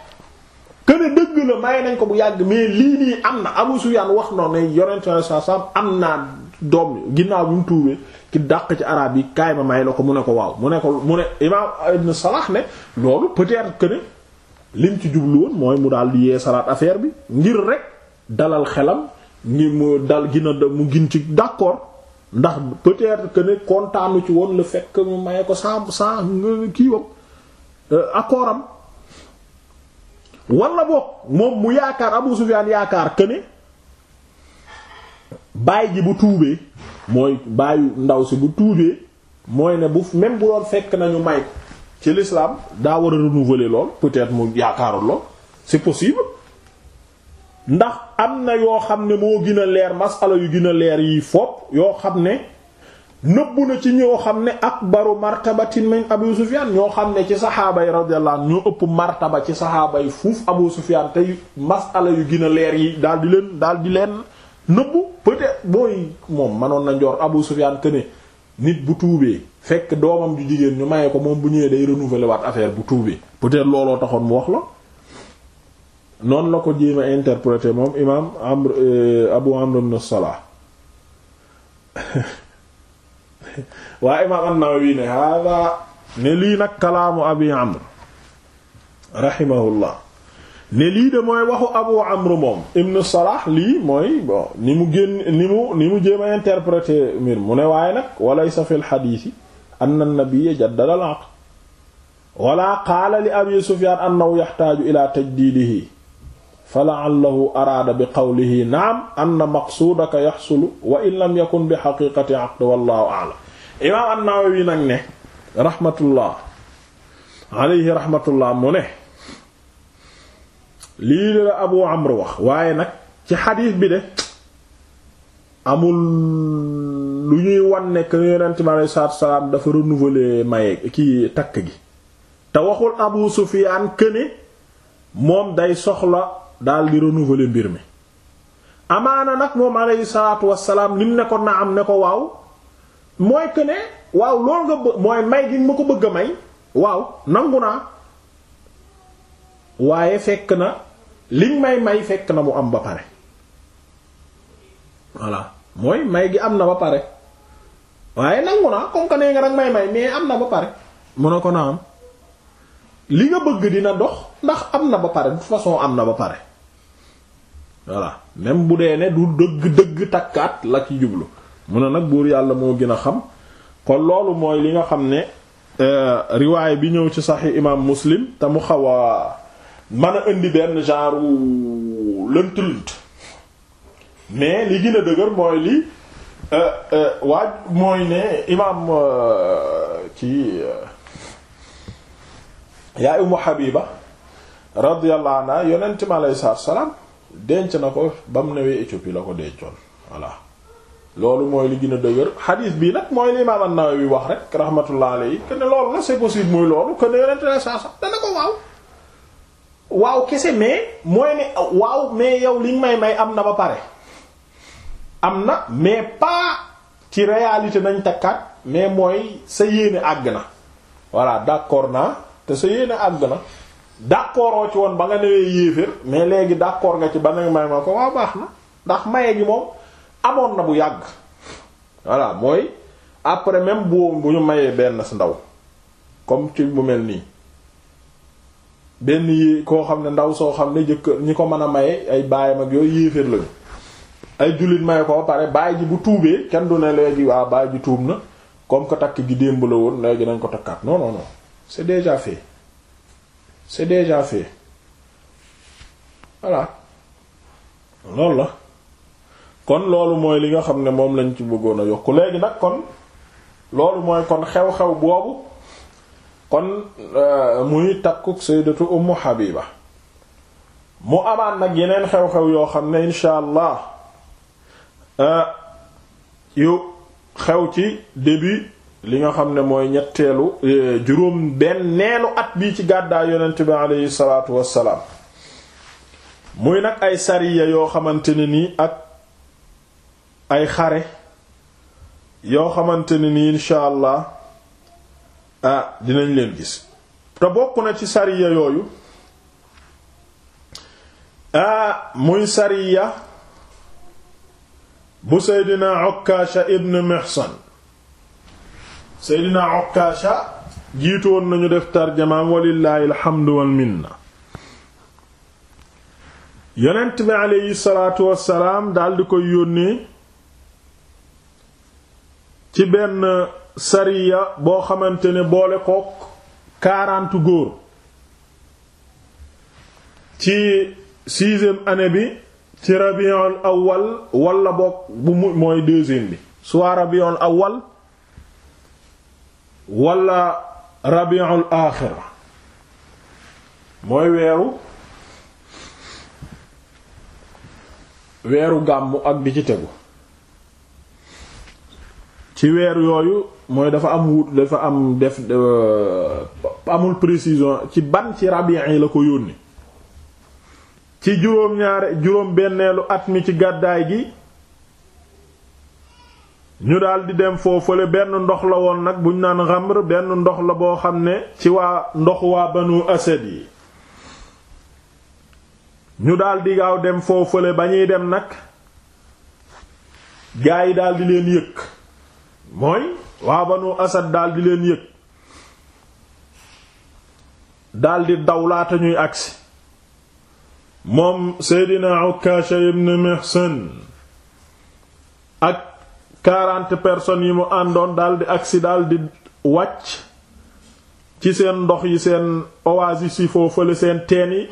këne dëgg la may nañ ko bu yàgg mais lii nii am na Abu Sufyaan wax noonu ne yonent sa sam am naa doom ginnaaw bi mu tuubee ki dàq ci araab yi kaay ma may la ko mu ne ko waaw mu ne ko mu ne imaam Ibn Salah ne loolu peut-être que lim ci jublu woon mooy mu daal di yee salaat affaire bi ngir rek dalal xelam ngir mu dal gina mu gin ci d'accord ndax peut-être que ne kontaanu ci woon le fekk que mu maye ko sans sans kii wam euh, accord am wala boog moom mu yaakaar Abu Sufyaan yaakaar que ne baay ji bu tuubee mooy baayu ndaw si bu tuubee mooy ne bu même bu doon fekk nañu may ci lislaam daa war a renouveler lool peut-être mu yaakaarul lool c'est possible ndax am na yoo xam ne moo gën a leer masala yu gën a leer yii fopp yoo xam ne nëbbu na ci ñoo xam ne ak akbaru martabatin min Abu Sufyan ñoo xam ne ci saxaaba yi radiyallahu anhu ñoo ëpp martaba ci saxaaba yi fuuf Abu Sufyan tey masala yu gën a leer yi daal di leen daal di leen nëbbu peut-être booy moom manoon na njoor Abu Sufyan que ne nit bu tuubee fekk doomam ju jigéen ñu maye ko moom bu ñëwee day renouveler waat affaire bu tuubee peut-être looloo taxoon mu la. noonu la ko jéem a interprété moom imaam euh, Abu Amr ibn Salah waa imaam an-Nawawi ne ne lii nag kalaamu Abi Amr rahimahullah ne lii de mooy waxu Abu Amr moom ibn Salah lii mooy ni mu génn ni mu ni mu jéem a interprété mbir mu ne waaye nag walaysa fil hadiisi anna yaxtaaju ila tajdiidihi fa la'allahu araada bi qawlihi naam anna maqsuudaka yaxsulu wa in lam yakun bi xaqiiqati aqd wallahu a'lam imaam an-Nawawi nag ne rahmatullah mu ne lii la Abu Amr wax waaye nag ci xadiis bi de amul lu ñuy wan ne que Yonent bi salaam dafa renouveler maye kii takk gi te waxul Abu Sufyaan këne moom day soxla daal di renouveler mbir mi amaana nag moom alayhi salaatu wassalaam lim ne ko na am ne ko waaw mooy que ne waaw loolu nga bë mooy may gi ma ko bëgg a may waaw nangu naa waaye fekk na liñ may may fekk na mu am ba pare voilà mooy may am na ba pare waaye nangu naa comme que nee nga may may mais am na ba pare mu ne ko naa am li nga bëgg dina dox ndax am na ba pare de façon am na ba pare voilà même bu dee ne du dëgg-dëgg takkaat la ci jublu mu ne nag buur yàlla moo gën a xam kon loolu mooy li nga xam ne euh, riwaay bi ñëw ci saxi imam muslim te mu xaw a mën a indi benn genre lënt lënt mais li gën a dëgër mooy li euh, euh, waaj mooy ne imam ci yaay umu habiba radiyallahu anha yonent mi alayhi salaam denc na ko ba mu newee Éthiopie la ko dencoon voilà loolu mooy li gën a dëgër xadiis bii nag mooy li imaam an-Nawawi wax rek rahmatullah alayhi que ne loolu na c'est possible muy loolu que ne yonente ne saa sax dana ko waaw waaw kese mais mooy ne waaw mais yow liñ may may am na ba pare am na mais pas ci réalité nañ takkaat mais mooy sa yéene àgg na voilà d'accord naa te sa yéene àgg na d'accord ci woon ba nga newee yéeféer mais léegi d'accord nga ci ba nga may ma ko waaw baax na ndax maye gi moom amoon na bu yàgg voilà mooy après même bu ñu mayee benn si ndaw comme ci bu mel nii benn yi koo xam ne ndaw soo xam ne jëkkër ñi ko mën a maye ay baayam ak yooyu yéeféer lañu ay jullit maye ko pare baay ji bu tuubee kenn du ne léegi waa baay ji tuub na comme que takk gi démb la woon léegi nañ ko takkaat non non non c'est déjà fait c'est déjà fait voilà loolu la kon loolu mooy li nga xam ne moom lañ ci bëggoon a yokk léegi nag kon loolu mooy kon xew-xew boobu kon euh, muy takkuk sayyidatu ummu habiba mu amaan nag yeneen xew-xew yoo xam ne insha allah euh, yu xew ci début li nga xam ne mooy ñetteelu eh, juróom benn neelu at bii ci gàddaay yonent bi aleyhi salaatu wassalaam muy nag ay sariya yoo xamante ni nii ak ay xare yoo xamante ni nii incha allah ah dinañ leen gis te bokk na ci sariya yooyu ah muy sariya bu seydina Ukkaasha ibn Mihsan seydina Okkaasha jiitoon nañu def tarjamaam walillaahi alhamdu wal minna yonent bi aleyhi daldi koy yónnee ci benn sariya boo xamante ne boole kook quarante góor ci sixième année bi ci rabiul awal wala bokk bu mu mooy deuxième bi soit rabiul awal wala rabiul axir mooy weeru weeru gàmmu ak bi ci tegu ci weer yooyu mooy dafa am wut dafa am def euh, amul précision ci ban ci rabian yi la ko yónni ci juróom-ñaare juróom benneelu at mi ci gàddaay gi ñu daldi di dem foofale benn ndox la woon nag buñ naan xamr benn ndox la boo xam ne ci waa ndox waa banu asad yi ñu daldi di gaaw dem foofale ba ñuy dem nag gaa yi daal leen yëg mooy waa banu asad daal leen yëg daal di daw laata ñuy agsi moom Seydina Ukkaasha ibn Mihsan ak quarante personnes yi mu àndoon daldi agsi daldi wàcc ci seen ndox yi seen oasis yi foofale seen teen yi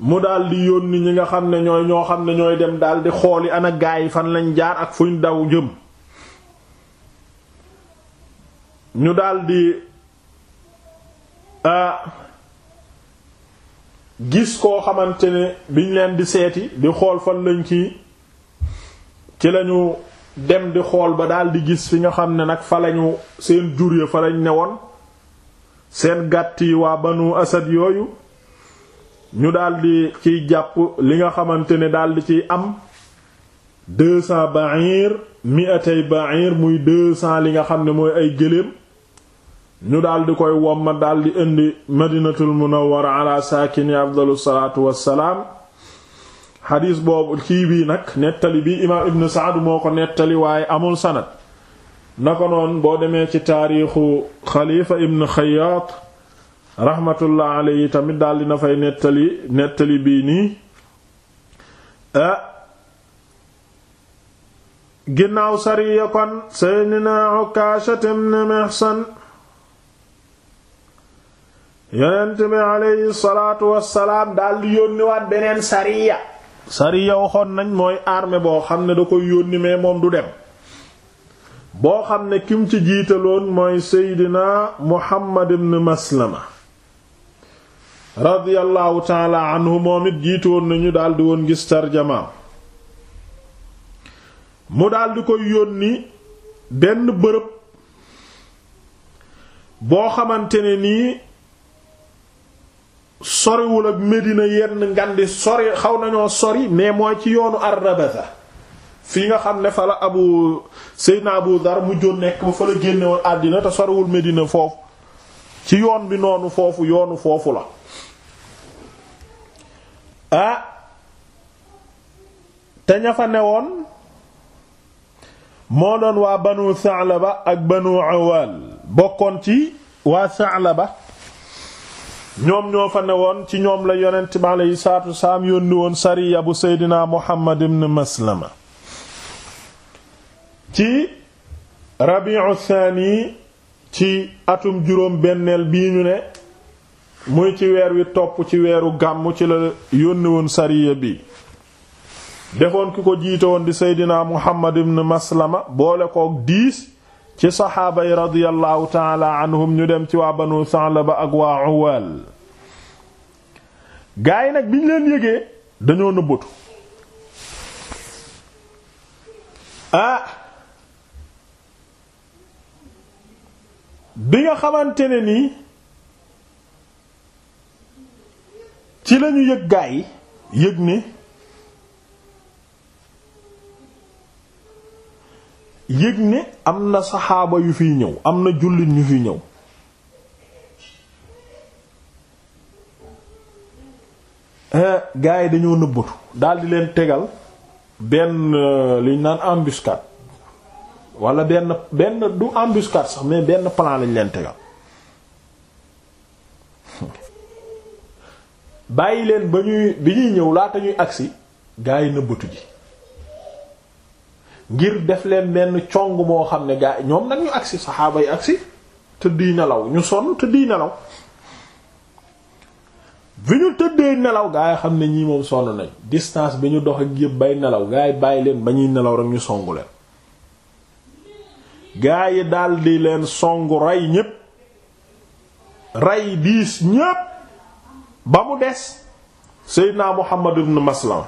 mu daldi yónni ñi nga xam ne ñooy ñoo xam ne ñooy dem daldi xooli ana yi fan lañ jaar ak fuñ daw jëm ñu daldi ah gis koo xamante ne biñ leen di seeti di xool fan lañ kii ci lañu dem di xool ba daal gis fi nga xam ne nag fa lañu seen jur ya fa lañ ne woon seen gàtt yi waa banu asad yooyu ñu daldi ciy jàpp li nga xamante ne daldi ciy am deux cents ba'ir mi'atay ba'ir muy deux li nga xam ne mooy ay gëléem ñu daldi koy womma daldi indi madinatul munawwara ala saakini afdalu salaatu wassalaam xadiis boobu kii nag nettali bi imaam ibn Saad moo ko nettali waaye amul sanad na ko noon boo demee ci taariixu xalifa ibn Xayyaat rahmatullah tamit daal dina fay nettali nettali bi nii ginnaaw sariya kon seydina Ukaasha ibn Mihsan yonent bi alayhi salaatu wassalaam daal di yónniwaat beneen sariya sariya waxoon nañ mooy arme boo xam ne da koy yónni mais moom du dem boo xam ne kim ci jiitaloon mooy seydina Muhammad ibn Maslama radiyallahu taala anhu moom it jiitoon nañu daldi woon gis tarjamaam mu daldi koy yónni benn bërëb boo xamante ne nii soriwul ak Medina yenn ngandi sori xaw nañoo sori mais mooy ci yoonu Arrabasa fi nga xam ne fa la abu Seydina Abu Dar mujjoon nekk ba fa la génne àddina te soriwul Medina foofu ci yoon bi noonu foofu yoonu foofu la ah te ña fa newoon moo doon waa banu ba ak banu Awal bokkoon ci waa ba ñoom ñoo fa newoon ci ñoom la yonent bi aleyhi salaatu wasalaam yónni woon sariya bu seydinaa Muhammad ibn Maslama ci rabiu thani ci atum juróom benneel bii ñu ne muy ci weer wi topp ci weeru gàmmu ci la yónni woon sariya bi defoon ki ko jiite woon di seydinaa Muhammad ibn Maslama boole kook diis ci saxaaba yi radiyallahu taala anhum ñu dem ci waa banu ba ak waa Uwaal gaa nag bi ñu leen yëgee dañoo nëbbatu ah bi nga xamante ne nii ci lañu yëg gaa yi yëg yëg ni am na saxaaba yu fiy ñëw am na jullit ñu fiy ñëw eh, gaa yi dañoo nëbbatu daldi leen tegal benn euh, liñ naan embuscade wala benn benn du embuscade sax mais benn plan lañ leen tegal bàyyi leen ba ñuy bi ñuy ñëw laata ñuy agsi gaa yi nëbbatu ji ngir def leen benn cong moo xam ne gaa ñoom nag ñu agsi saxaaba yi agsi tëddi nelaw ñu sonn tëddi nelaw bi ñu tëddee nelaw gaa yi xam ne ñii moom sonn nañ distance bi ñu dox ak yëpp bay nelaw gaa yi bàyyi leen ba ñuy nelaw rek ñu songu leen gaa yi daldi leen songu ray ñépp ray diis ñépp ba mu des naa Muhammad ibn Maslam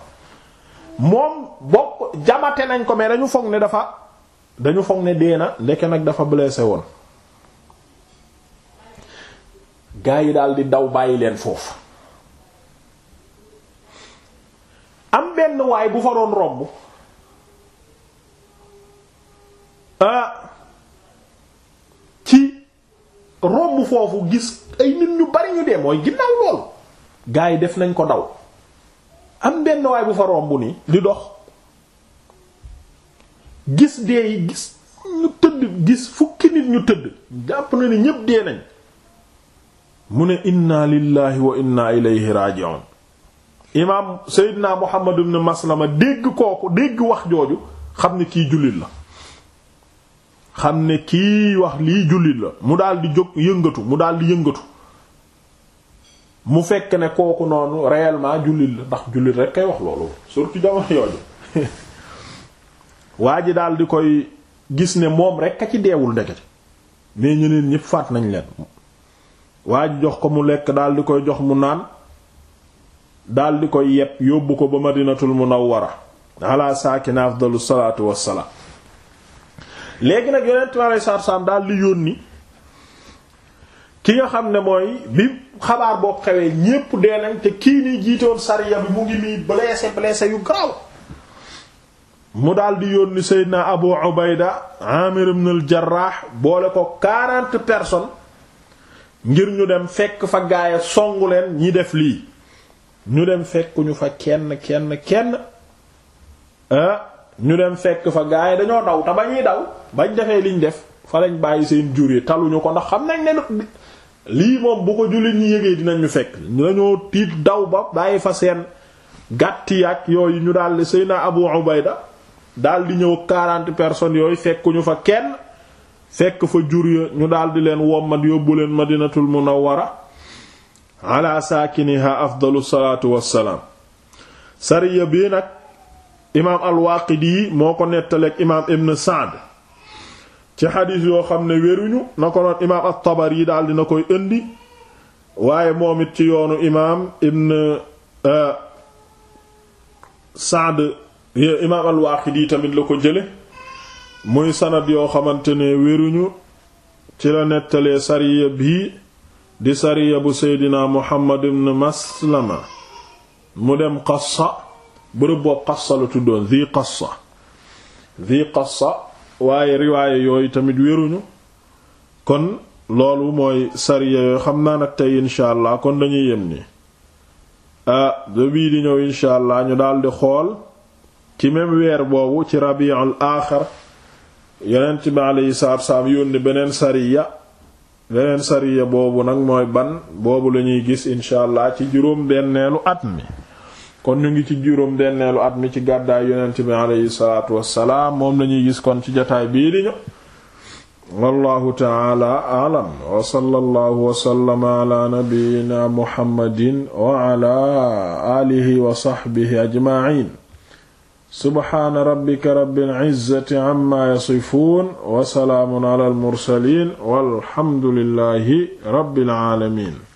moom bokk jamate nañ ko mais dañu foog ne dafa dañu foog ne dee na ndeke nag dafa blessé woon gaa yi daal di daw bàyyi leen foofu am benn waay bu fa doon romb ah ci romb foofu gis ay nit ñu bari ñu dee mooy ginnaaw lool gaa yi def nañ ko daw am benn waay bu fa romb nii di dox gis dee yi gis ñu tëdd gis fukki nit ñu tëdd jàpp na ni ñépp dee nañ mu ne inna lillahi wa inna ilayhi raji'un imaam Seydina Muhammad ibn Maslama dégg kooku dégg wax jooju xam ne kii jullit la xam ne kii wax lii jullit la mu daldi di jóg yëngatu mu daal di yëngatu mu fekk ne kooku noonu réellement jullit la ndax jullit rek kay wax loolu surtout jamono yooju waa ji daal di koy gis ne moom rek a ci deewul ndekete mais ñeneen ñépp faat nañ leen waa ji jox ko mu lekk daal di koy jox mu naan dal di koy yeb yóbbu ko ba madinatul munawwara ala saakina afdalu salaatu wassalaam léegi nag yonent mi alayhi salaatu salaam daal di yónni ki nga xam ne mooy bi xabaar boo xewee ñépp dee nañ te kii nii jiitoon sariya bi mu ngi nii blessé blessé yu graw mu daldi yónni Seydina Abu Ubayda Amir ibn al boole ko quarante personnes ngir ñu dem fekk fa gaaya songu leen ñi def lii ñu dem fekk fa kenn kenn kenn ah, ñu dem fekk fa gaaya dañoo daw te ba ñuy daw bañ defee liñ def fa lañ bàyyi seen jur yi taluñu ko ndax xam nañ ne lii moom bu ko jullit ñi yëgee dinañu fekk ñu dañoo tiit daw ba bàyyi fa seen gàtt yaak yooyu ñu daal Seydina Abu Ubayda daal ñëw quarante personnes yooyu fekkuñu fa kenn fekk fa jur ya ñu daldi leen wommat yóbbu leen Madinatul Munawwara ala saakiniha afdalu salaatu wassalaam sariya bii nag imaam al-Waaqidi moo ko nettaleek imaam Ibn Sa'd ci xadiis yoo xam ne wéruñu na ko noon imaam at-Tabari yi daal dina koy ëndi waaye moom it ci yoonu imaam ibn euh, Saad imaam al-Waaqidi tamit la ko jële muy sanad yoo xamante ne wéruñu ci la nettalee sariya bi di sariya bu seydina Muhammad ibn Maslama mu dem Qassa bërëb boobu Qassa la tuddoon zi Qassa zi Qassa waaye riwaaye yooyu tamit wéruñu kon loolu mooy sariya yooyu xam naa nag tey incha allah kon dañuy yem ni ah ba bii di ñëw incha allah ñu daldi xool ci même weer boobu ci rabiul aaxir yonent bi yi salaatu salaam yónni beneen sariya beneen sariya boobu nag mooy ban boobu lañuy gis incha allah ci juróom benneelu at mi kon ñu ngi ci juróom benneelu at mi ci gàddaay yonent bi aleyhi salaatu wassalaam moom lañuy gis kon ci jataay bii di ñu wallahu taala aalam wa sallallahu wa sallama ala nabiyyina muhammadin wa ala alihi wa sahbihi ajma'in subhaana rabbika rabbil izzati amma yasifun wa salaamun ala al mursalin walhamdulillahi rabbil alamin